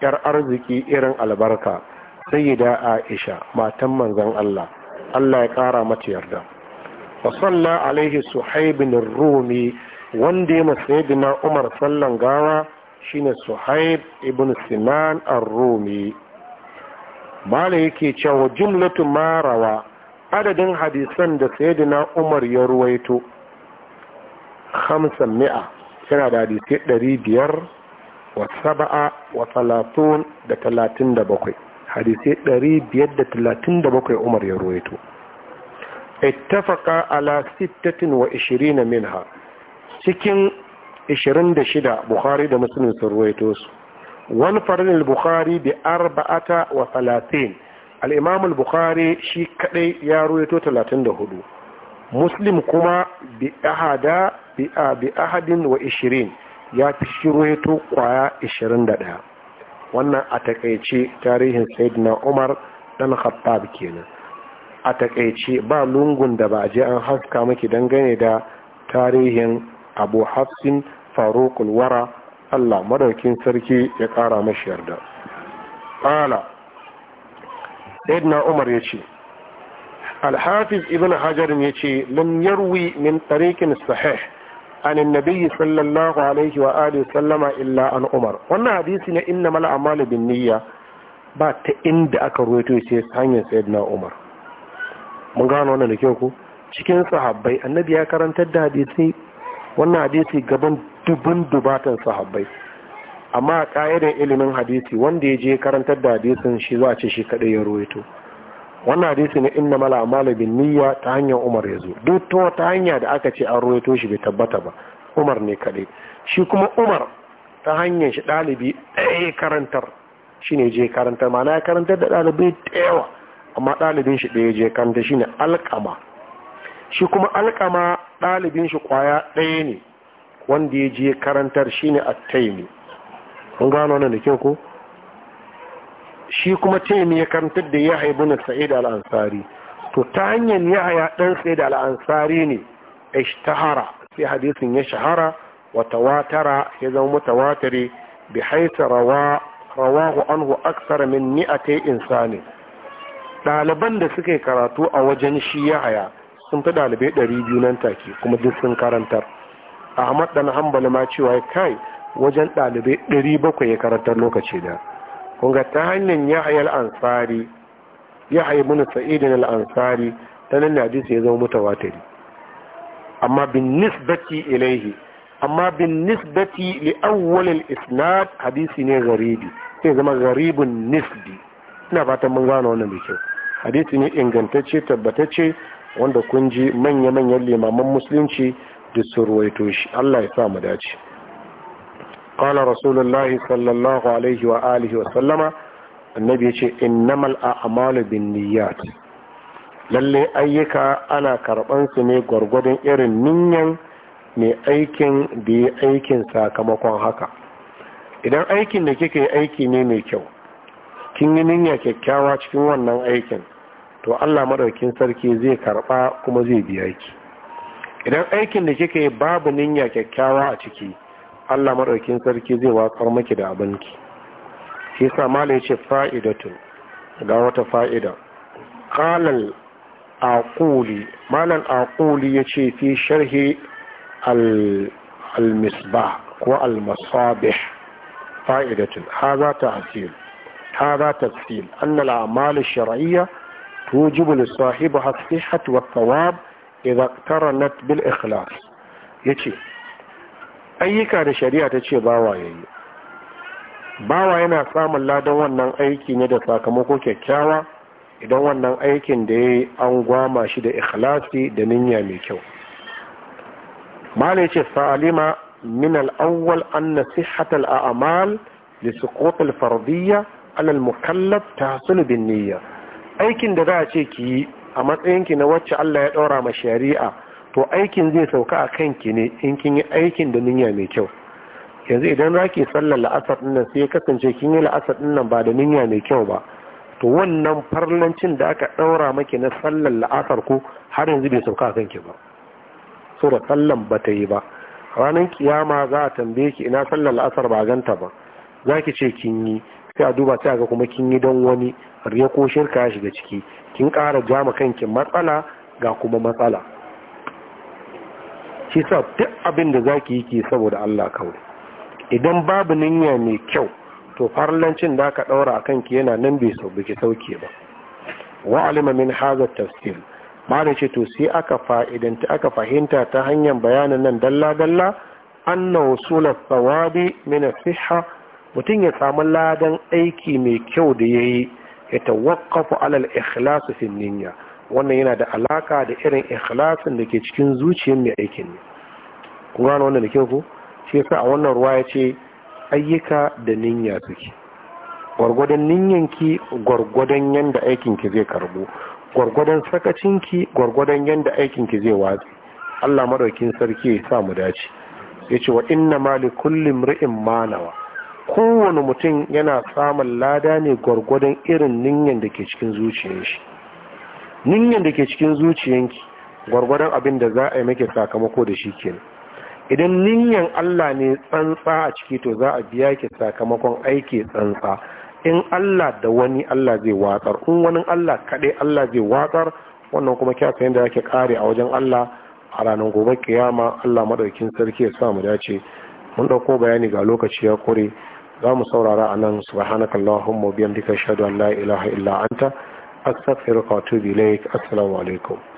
yar arziki irin albarka sayyida aisha matan manzon allah Allah ya ƙara mata yarda. fasalla alaihi suhaibin rumi wanda ya masayidina umar sallan gawa shine suhaib ibn sinan ar-rumi mala yake cewa jumlatu marawa adadin hadisan da sayidina umar ya ruwaito hamsin mi'a yana da hadisai ɗari biyar wa saba'a wa talatin da bakwai hadisai ɗari biyar da talatin da bakwai umar ya ruwaito ittafaqa ala wa 26 minha cikin 26 bukhari da muslim sun ruwaito su wani farin bukhari bi arba'ata wa talatin, al-imam al-bukhari shi kadai ya ruwaito 34 muslim kuma bi ahada bi bi ahadin wa ishirin ya fi shi ruwaito kwaya 21 wannan a takaice tarihin sayyidina umar dan khattab kenan a takaice ba lungun da ba a je an haska maki dangane da tarihin abu hafsin farukul wara allah madaukin sarki ya kara mashi yarda ƙala sayyidina umar ya ce alhafiz ibn hajar ya ce nan yarwi min tarikin sahih an annabi sallallahu alaihi wa alihi sallama illa an umar wannan hadisi ne inna mal a'malu bin niyya ba ta inda aka ruwaito sai hanyar sayyidina umar mun gano wannan da kyau ko cikin sahabbai annabi ya karantar da hadisi wannan hadisi gaban dubun dubatan sahabbai amma a ƙa'idar ilimin hadisi wanda ya je karantar da hadisin shi zuwa ce shi kaɗai ya ruwaito wannan hadisi ne inna mala amala bin niyya ta hanyar umar ya zo duk ta wata hanya da aka ce an ruwaito shi bai tabbata ba umar ne kaɗai shi kuma umar ta hanyar shi ɗalibi ɗaya karantar shi ne je karantar ma'ana ya karantar da ɗalibi ɗaya yawa amma ɗalibin shi ɗaya je kanta shi ne alƙama shi kuma alƙama ɗalibin shi ƙwaya ɗaya ne wanda ya je karantar shi ne a taimi kun gano nan da kyau ko shi kuma taimi ya karantar da ya haibu na da al'ansari to ta hanyar ya haya ɗan da al'ansari ne ta hara sai hadisin ya shahara wa tawatara ya zama mutawatiri bi haita rawahu anhu aksara min ni'atai insani ɗaliban da suka yi karatu a wajen shi ya haya sun fi ɗalibai ɗari biyu nan take kuma duk sun karantar ahmad dan hambali ma cewa kai wajen ɗalibai ɗari bakwai ya karantar lokaci da kunga ta hanyar ya hayar ansari ya hayi mini sa'idin al'ansari ta nan da ya zama watari amma bin nisbati ilaihi amma bin nisbati li awwalil isnad hadisi ne garibi sai zama garibun nisbi ina fatan mun gano wannan bikin. hadisi ne ingantacce tabbatacce wanda kun ji manya-manyan limaman musulunci da su ruwaito shi Allah ya sa mu dace qala rasulullahi sallallahu alaihi wa alihi wa sallama annabi yace innamal a'malu binniyat lalle ayyuka ana karban su ne gwargwadon irin niyan mai aikin da ya aikin sakamakon haka idan aikin da kika yi aiki ne mai kyau kin yi niyya kyakkyawa cikin wannan aikin to Allah madaukin sarki zai karba kuma zai biya ki idan aikin da kika yi babu ninya kyakkyawa a ciki Allah madaukin sarki zai watsar miki da abinki shi yasa malai ce fa'idatu ga wata fa'ida qalal aquli malan aquli yace fi sharhi al misbah ko Al-Maswabish fa'idatu والمصابيح ta'til هذا تأثير an al a'mal الأعمال الشرعية توجب لصاحبها الصحة والثواب إذا bil بالإخلاص yace ayyuka da shari'a ta ce bawa ya yi bawa yana samun ladan wannan aiki ne da sakamako kyakkyawa idan wannan aikin da ya yi an gwama shi da ikhlasi da niyya mai kyau malai ce salima min al'awwal anna sihhatal a'mal li suqut al-fardiyya ala al-mukallaf tahsul bin niyya aikin da za a ce ki yi a matsayinki na wacce Allah ya ɗaura ma shari'a to aikin zai sauka a kanki ne in kin yi aikin da niyya mai kyau yanzu idan za ki sallar la'asar ɗinnan sai ya kasance kin yi la'asar dinnan ba da niyya mai kyau ba to wannan farlancin da aka ɗaura maki na sallar la'asar ko har yanzu bai sauka a kanki ba so da sallan ba ta yi ba ranar kiyama za a tambaye ki ina sallar la'asar ba ganta ba za ki ce kin yi sai a duba sai ga kuma kin yi don wani riya ko shirka ya shiga ciki kin ƙara jama kanki matsala ga kuma matsala shi sa duk abin da zaki yi ki saboda Allah kawai idan babu niyya mai kyau to farlancin da aka ɗaura a ki yana nan bai sau biki sauke ba wa alima min hadha tafsir da ce to sai aka ta aka fahimta ta hanyar bayanin nan dalla dalla anna wusul as-sawabi min sihha mutum ya samu ladan aiki mai kyau da ya yi ya tawaqqafu alal ikhlasu fi niyya wannan yana da alaka da irin ikhlasin da ke cikin zuciyar mai aikin ne ku gano wannan da kyau ku shi yasa a wannan ruwa ya ce ayyuka da niyya suke gwargwadon niyyarki gwargwadon yanda aikinki zai karbo gwargwadon sakacinki gwargwadon yanda aikinki zai watsi Allah maɗaukin sarki ya sa mu dace yace wa inna ma ri'in manawa kowane mutum yana samun lada ne gwargwadon irin ninyan da ke cikin zuciyar shi ninyan da ke cikin zuciyanki gwargwadon abin da za a yi maki sakamako da shi kenan idan ninyan Allah ne tsantsa a ciki to za a biya ki sakamakon aiki tsantsa in Allah da wani Allah zai watsar in wani Allah kaɗai Allah zai watsar wannan kuma kyasa yadda ake ƙare a wajen Allah a ranar gobe kiyama Allah madaukin sarki ya samu dace mun ɗauko bayani ga lokaci ya kure za mu saurara a nan subhanaka allahumma bihamdika shaidu an la ilaha illa anta astaghfiruka wa atubu ilaik assalamu alaikum